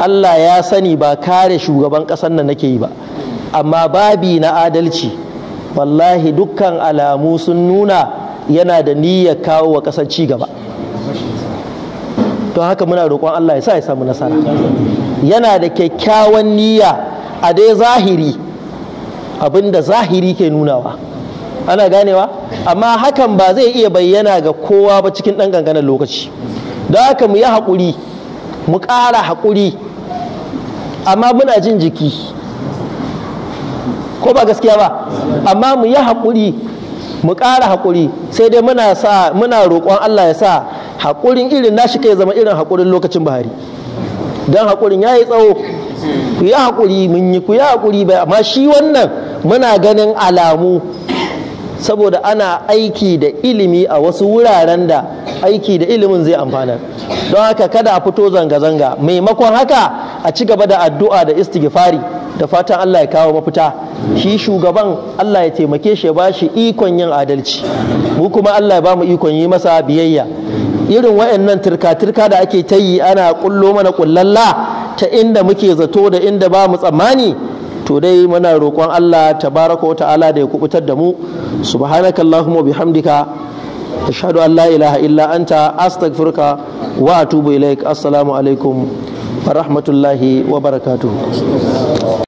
Allah ya sani ba kare shugaban ƙasar nan nake yi ba amma babi na adalci wallahi dukkan alamu sun nuna yana da niyya kawo wa ƙasar ci gaba don haka muna roƙon Allah ya sa ya samu nasara yana da kyakkyawan niyya a dai zahiri abinda zahiri ke nunawa ana ganewa amma hakan ba zai iya bayyana ga kowa ba cikin ɗan ganganan lokaci don haka mu yi haƙuri mu ƙara haƙuri amma muna jin jiki ko ba gaskiya ba amma mu yi haƙuri mu ƙara haƙuri sai dai muna sa muna roƙon Allah ya sa haƙurin irin nashi kai zama irin haƙurin lokacin bahari don haƙurin ya yi tsawo ku yi haƙuri mun yi ku yi haƙuri bai amma shi wannan muna ganin alamu saboda ana aiki da ilimi a wasu wuraren da aiki da ilimin zai amfana don haka kada a fito zanga-zanga maimakon haka a ci gaba da addu'a da istighfari da fatan Allah ya kawo mafita shi shugaban Allah ya taimake shi ya ba shi ikon yin adalci mu kuma Allah ya ba mu ikon yi masa biyayya irin wayannan turka-turka da ake ta yi ana kullo mana kullalla ta inda muke zato da inda ba mu tsammani to dai muna roƙon Allah tabaraka wa ta'ala da ya kubutar da mu subhanakallahumma bihamdika ashhadu an la ilaha illa anta astaghfiruka wa atubu ilaik assalamu alaikum wa rahmatullahi wa barakatuh